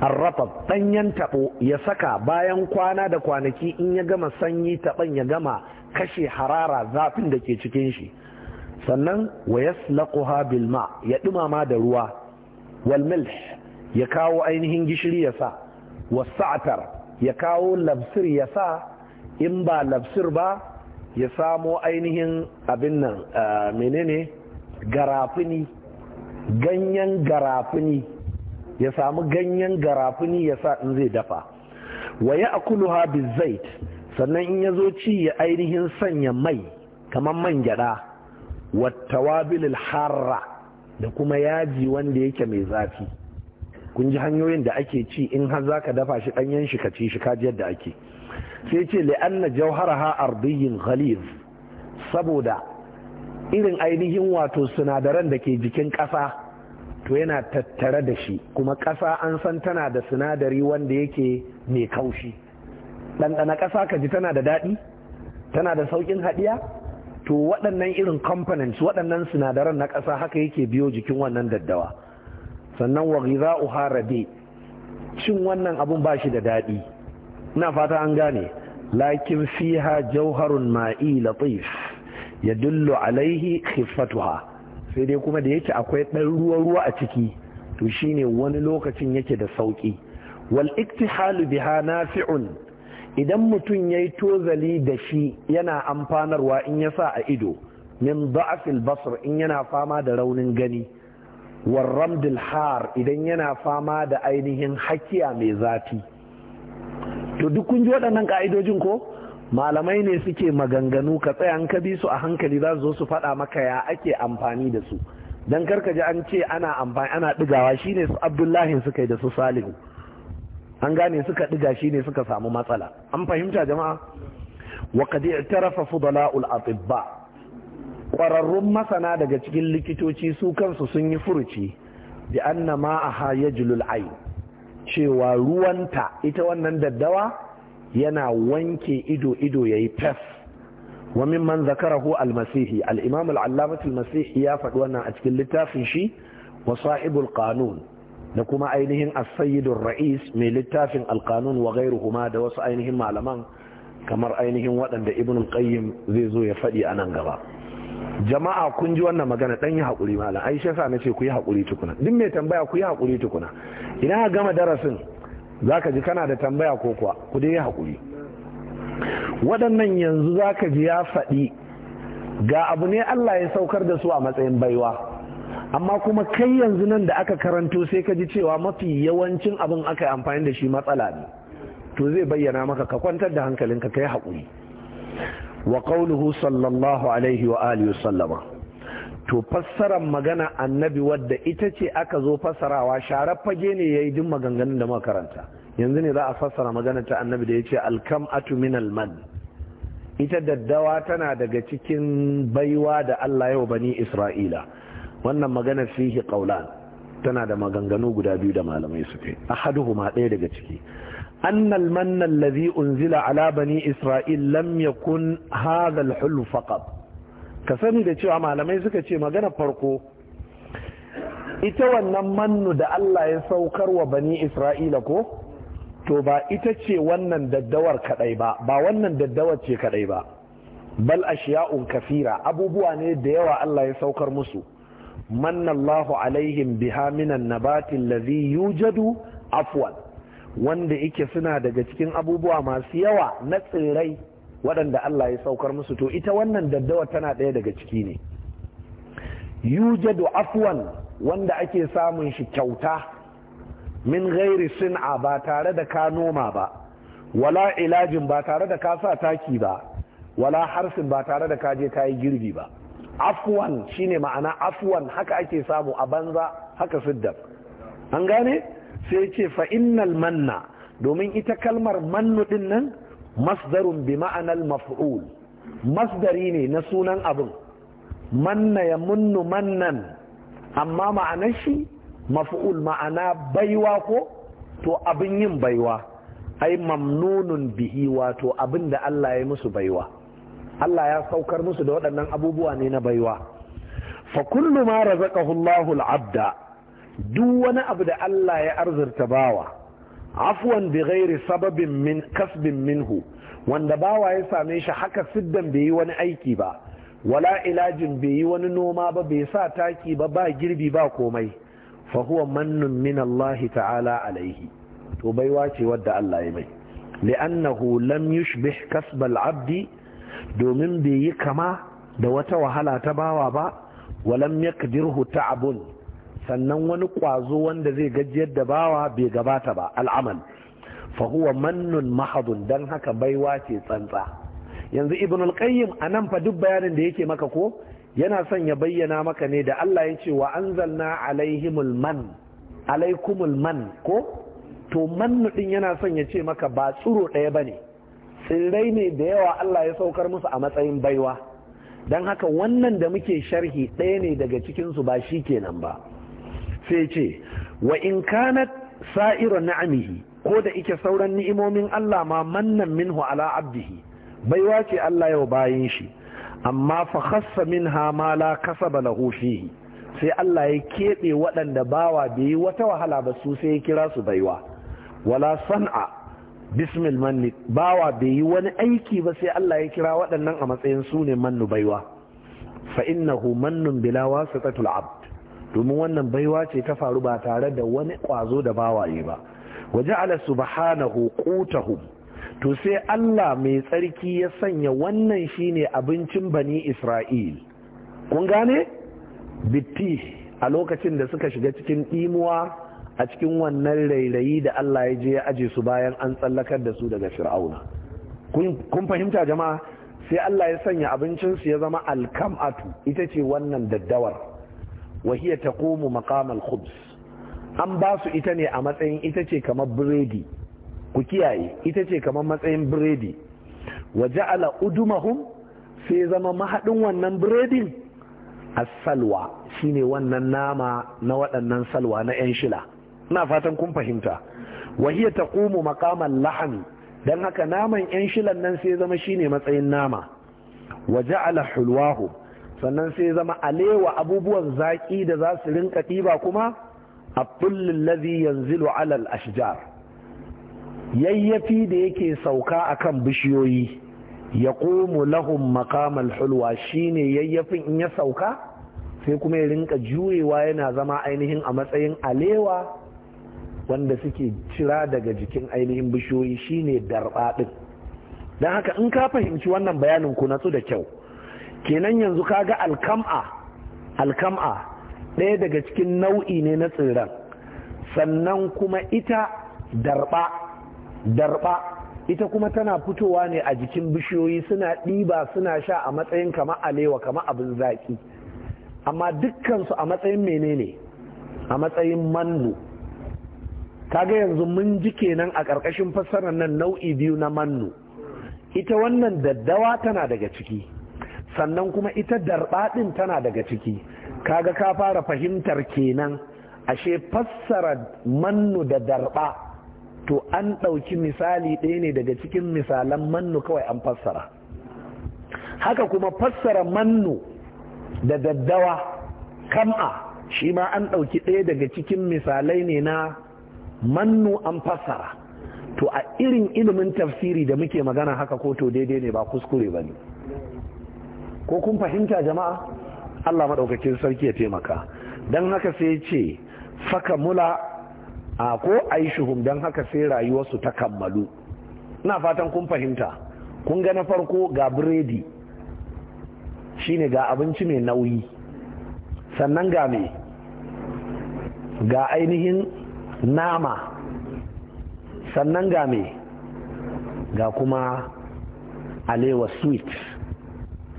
arrafa ɗanyen taɓo ya saka bayan kwana da kwanaki in ya gama sanyi taɓon ya gama kashe harara zafin da ke cikin shi sannan wa yaslaquha ya ɗumama da ruwa wal milh ya kawo ainihin gishiri ya sa wasa'atar ya kawo labsir ya sa in ba labsir ba ya samo ainihin abin nan menene garafini ganyen garafini ya samu ganyen garafini ya sa in zai dafa wa ya akuluha bizait sannan in ya zo ci ya ainihin sanya mai kamar man gyada wattawabilil harra da kuma yaji wanda yake mai zafi kun ji hanyoyin da ake ci in har ka dafa shi ɗanyen shi ka ci shi ka ji yadda ake sai ce li'anna ha ardiyin ghaliz saboda irin ainihin wato sinadaran da ke jikin ƙasa to yana tattare da shi kuma ƙasa an san tana da sinadari wanda yake mai kaushi ɗanɗana ƙasa ka ji tana da daɗi tana da sauƙin haɗiya to waɗannan irin components waɗannan sinadaran na ƙasa haka yake biyo jikin wannan daddawa sannan wa hara rabi cin wannan abun ba shi da daɗi ina fata an gane lakin fiha jauharun ma'i latif ya dullu alaihi khiffatuha sai dai kuma da yake akwai ɗan ruwa-ruwa a ciki to shine wani lokacin yake da sauƙi wal iktihalu biha nafi'un idan mutum yayi tozali da shi yana amfanarwa in yasa a ido min da'afil basr in yana fama da raunin gani Warram har idan yana fama da ainihin hakiya mai zafi to duk kun ji waɗannan ka'idojin ko malamai ne suke maganganu ka tsaya an ka bi su a hankali za su zo su faɗa maka ya ake amfani da su dan ka ji an ce ana amfani ana ɗigawa shine su abdullahi suka yi da su salihu an gane suka ɗiga shine suka samu matsala an fahimta jama'a wa tarafa fudala ul atibba ƙwararrun masana daga cikin likitoci su kansu sun yi furuci bi anna ma'aha yajlul ai, cewa ruwanta ita wannan daddawa yana wanke ido ido yayi fes wa mimman zakarahu almasihi masihi al-imam masihi ya faɗi wannan a cikin littafin shi wa sahibul da kuma ainihin asayidun ra'is mai littafin al-qanun wa ghayruhuma da wasu ainihin malaman kamar ainihin waɗanda ibn al-qayyim zai zo ya faɗi a nan gaba jama'a kun ji wannan magana dan yi hakuri malam ai shi yasa nace ku yi hakuri tukuna duk mai tambaya ku yi hakuri tukuna idan ka gama darasin zaka ji kana da tambaya ko kuwa ku dai yi hakuri waɗannan yanzu zaka ji ya faɗi ga abu ne Allah ya saukar da su a matsayin baiwa amma kuma kai yanzu nan da aka karanto sai ka ji cewa mafi yawancin abun aka yi amfani da shi matsala ne to zai bayyana maka ka kwantar da hankalinka kai haƙuri wa ƙaunuhu sallallahu alaihi wa alihi sallama to fassarar magana annabi wadda ita ce aka zo fassarawa sharar fage ne ya yi duk maganganun da makaranta yanzu ne za a fassara magana ta annabi da ya ce alkam atu min alman ita daddawa tana daga cikin baiwa da Allah yau bani Isra'ila wannan magana fihi ƙaula tana da maganganu guda biyu da malamai suke ahaduhuma ɗaya daga ciki أن المن الذي أنزل على بني إسرائيل لم يكن هذا الحلو فقط كسني دا cewa malamai suka ce magana farko ita wannan mannu da Allah ya saukar wa bani Isra'ila ko to ba ita ce wannan daddawar kadai ba ba wannan daddawar ce kadai ba bal ashiya'un kafira abubuwa ne da yawa Allah ya saukar musu manna Allahu alaihim biha minan nabati allazi yujadu afwan wanda yake suna daga cikin abubuwa masu yawa na tsirai waɗanda Allah ya saukar musu to ita wannan daddawa tana ɗaya daga ciki ne yujadu afwan wanda ake samun shi kyauta min ghairi sin'a ba tare da ka noma ba wala ilajin ba tare da ka sa taki ba wala harsin ba tare da ka je ka yi girbi ba afwan shine ma'ana afwan haka ake samu a banza haka siddam an gane sai ce fa innal manna domin ita kalmar mannu din nan masdarun bi ma'anal maf'ul masdari ne na sunan abin manna ya munnu mannan amma ma'anar shi maf'ul ma'ana baiwa ko to abin yin baiwa ai mamnunun bihi wato abin da Allah ya musu baiwa Allah ya saukar musu da waɗannan abubuwa ne na baiwa fa kullu ma razaqahu Allahu al-abda duk wani abu da Allah ya arzurta bawa afwan bi ghairi sababin min kasbin minhu wanda bawa ya same shi haka siddan bai yi wani aiki ba wala ilajin bai yi wani noma ba bai sa taki ba ba girbi ba komai fa huwa mannun min Allah ta'ala alaihi to bai ce wadda Allah ya mai li'annahu lam yushbih kasbal abdi domin bai yi kama da wata wahala ta bawa ba walam yakdirhu ta'abun sannan wani kwazo wanda zai gajiyar da bawa bai gabata ba al'amal fahuwa mannun mahadun don haka baiwa ce tsantsa yanzu ibn al-qayyim nan fa duk bayanin da yake maka ko yana son ya bayyana maka ne da Allah ya ce wa anzalna alaihimul man alaikumul man ko to mannu din yana son ya ce maka ba tsuro ɗaya ne. tsirrai ne da yawa Allah ya saukar musu a matsayin baiwa don haka wannan da muke sharhi ɗaya ne daga cikinsu ba shi kenan ba sai ce wa in kanat sa'ira na'amihi ko da ike sauran ni'imomin Allah ma mannan minhu ala abdihi baiwa ce Allah yau bayin shi amma fa khassa minha ma la kasaba lahu fihi sai Allah ya keɓe waɗanda bawa bai yi wata wahala ba su sai ya kira su baiwa wala san'a bismil manni bawa bai yi wani aiki ba sai Allah ya kira waɗannan a matsayin su ne mannu baiwa fa innahu mannun bila wasitatul abd domin wannan baiwa ce ta faru ba tare da wani kwazo da bawaye ba waje ala subhanahu qutahum to sai Allah mai tsarki ya sanya wannan shine abincin bani Isra'il kun gane bitti a lokacin da suka shiga cikin ɗimuwa a cikin wannan rairayi da Allah ya je ya aje su bayan an tsallakar da su daga fir'auna kun fahimta jama'a sai Allah ya sanya abincin su ya zama alkam'atu ita ce wannan daddawar wa hiya taqumu maqam an ba su ita ne a matsayin ita ce kamar biredi ku kiyaye ita ce kamar matsayin biredi wa ja'ala udumahum sai zama mahadin wannan biredin as-salwa shine wannan nama na waɗannan salwa na yan shila ina fatan kun fahimta wa hiya taqumu maqam lahm dan haka naman yan shilan nan sai zama shine matsayin nama wa ja'ala hulwahum sannan sai zama alewa abubuwan zaƙi da za su rinka ɗiba kuma a fullin lazi yanzu alal ashjar yayyafi da yake sauka a kan bishiyoyi ya ƙomu lahun makamal hulwa shine yayyafin in ya sauka sai kuma ya rinka juyewa yana zama ainihin a matsayin alewa wanda suke cira daga jikin ainihin bishiyoyi shine darbaɗin don haka in ka fahimci wannan bayanin ku natsu da kyau kenan yanzu kaga alkam'a alkam'a ɗaya daga cikin nau'i ne na tsirran sannan kuma ita darba darba ita kuma tana fitowa ne a jikin bishiyoyi suna ɗiba suna sha a matsayin kama alewa kama abin zaƙi amma dukkansu a matsayin menene a matsayin mannu kaga yanzu mun ji kenan a ƙarƙashin fassarar nan nau'i biyu na mannu ita wannan daddawa tana daga ciki sannan kuma ita darɓa ɗin tana daga ciki kaga ka fara fahimtar kenan ashe fassara mannu da darɓa to an ɗauki misali ɗaya ne daga cikin misalan mannu kawai an fassara haka kuma fassara mannu da daddawa kam'a shi ma an ɗauki ɗaya daga cikin misalai ne na mannu an fassara to a irin ilimin tafsiri da muke magana haka ko to daidai ne ba kuskure ba ne ko kun fahimta jama'a Allah maɗaukakin sarki ya taimaka don haka sai ce faka mula a ko aishuhum don haka sai rayuwarsu ta kammalu ina fatan kun fahimta kun ga na farko ga biredi shine ga abinci mai nauyi sannan ga mai ga ainihin nama sannan ga mai ga kuma alewa sweet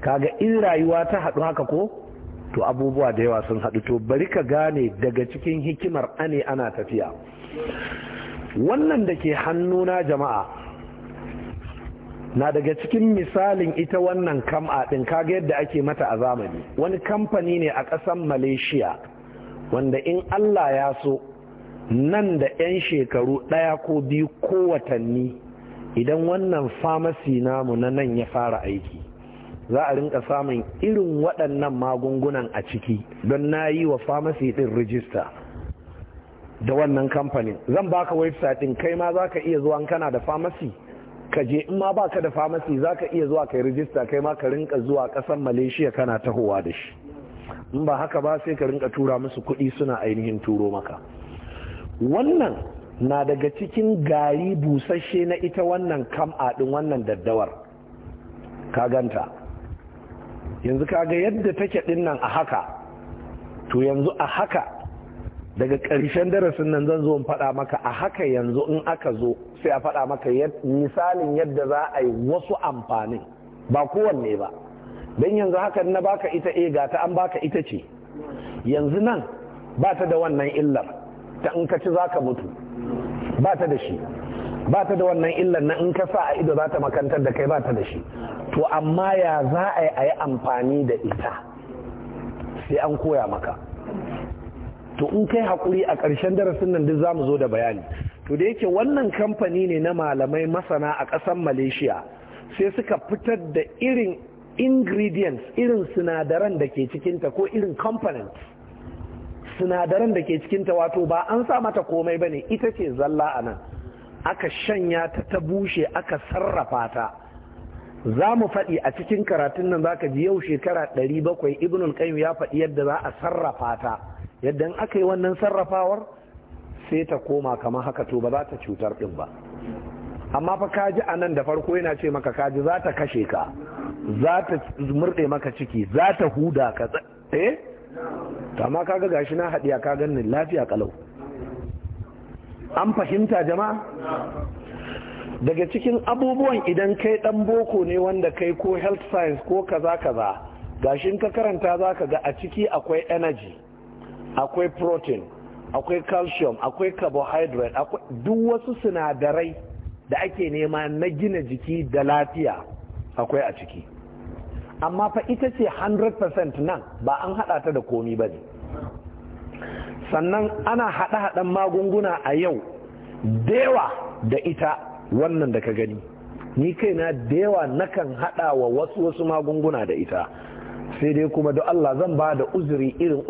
kaga in rayuwa ta haɗu haka ko to abubuwa da yawa sun haɗu to bari ka gane daga cikin hikimar ane ana tafiya wannan da ke hannuna jama'a na daga cikin misalin ita wannan kam'a ɗin kaga yadda ake mata a zamani wani kamfani ne a ƙasar malaysia wanda in allah ya so nan da 'yan shekaru ɗaya ko biyu ko watanni idan wannan famasi namu na nan ya fara aiki za a rinka samun irin waɗannan magungunan a ciki don na yi wa famasi ɗin rijista da wannan kamfanin zan baka website ɗin kai ma za ka iya zuwa kana da famasi ka je in ma ba ka da famasi za ka iya zuwa kai rijista kai ma ka rinka zuwa ƙasar malaysia kana tahowa da shi in ba haka ba sai ka rinka tura musu kuɗi suna ainihin turo maka wannan na daga cikin gari busasshe na ita wannan kam ɗin wannan daddawar ka ganta yanzu kaga yadda take din nan a haka to yanzu a haka daga ƙarshen darasin nan zan zo in faɗa maka a haka yanzu in aka zo sai a faɗa maka misalin yadda za a yi wasu amfanin ba kowanne ba don yanzu haka na baka ita e ga ta an baka ita ce yanzu nan ba ta da wannan illar ta in ka ci za ka mutu ba ta da shi ba ta da wannan illan na in ka sa a ido za ta makantar da kai ba ta da shi to amma ya za a yi a yi amfani da ita sai an koya maka to in kai haƙuri a ƙarshen darasin nan duk za mu zo da bayani to da yake wannan kamfani ne na malamai masana a ƙasar malaysia sai suka fitar da irin ingredients irin sinadaran da ke cikinta ko irin components sinadaran da ke cikinta wato ba an sa mata komai ba ne ita ce zalla a nan aka shanya ta ta bushe aka sarrafa ta za mu faɗi a cikin karatun nan za ka ji yau shekara 700 ibn al-qayyim ya faɗi yadda za a sarrafa ta yadda in aka yi wannan sarrafawar sai ta koma kamar haka to ba za ta cutar ɗin ba amma fa kaji a nan da farko yana ce maka kaji za ta kashe ka za ta murɗe maka ciki za ta huda ka eh amma kaga gashi na haɗiya ka ganni lafiya kalau an fahimta jama'a daga cikin abubuwan idan kai dan boko ne wanda kai ko health science ko kaza kaza gashin ka karanta zaka ga a ciki akwai energy akwai protein akwai calcium akwai carbohydrate akwai duk wasu sinadarai da ake nema na gina jiki da lafiya akwai a ciki amma fa ita ce 100% nan ba an hada ta da komi ba ne sannan ana haɗe-haɗen magunguna a yau dewa da ita wannan da ka gani ni kaina dewa nakan haɗa wa wasu wasu magunguna da ita sai dai kuma da Allah zan ba da uzuri irin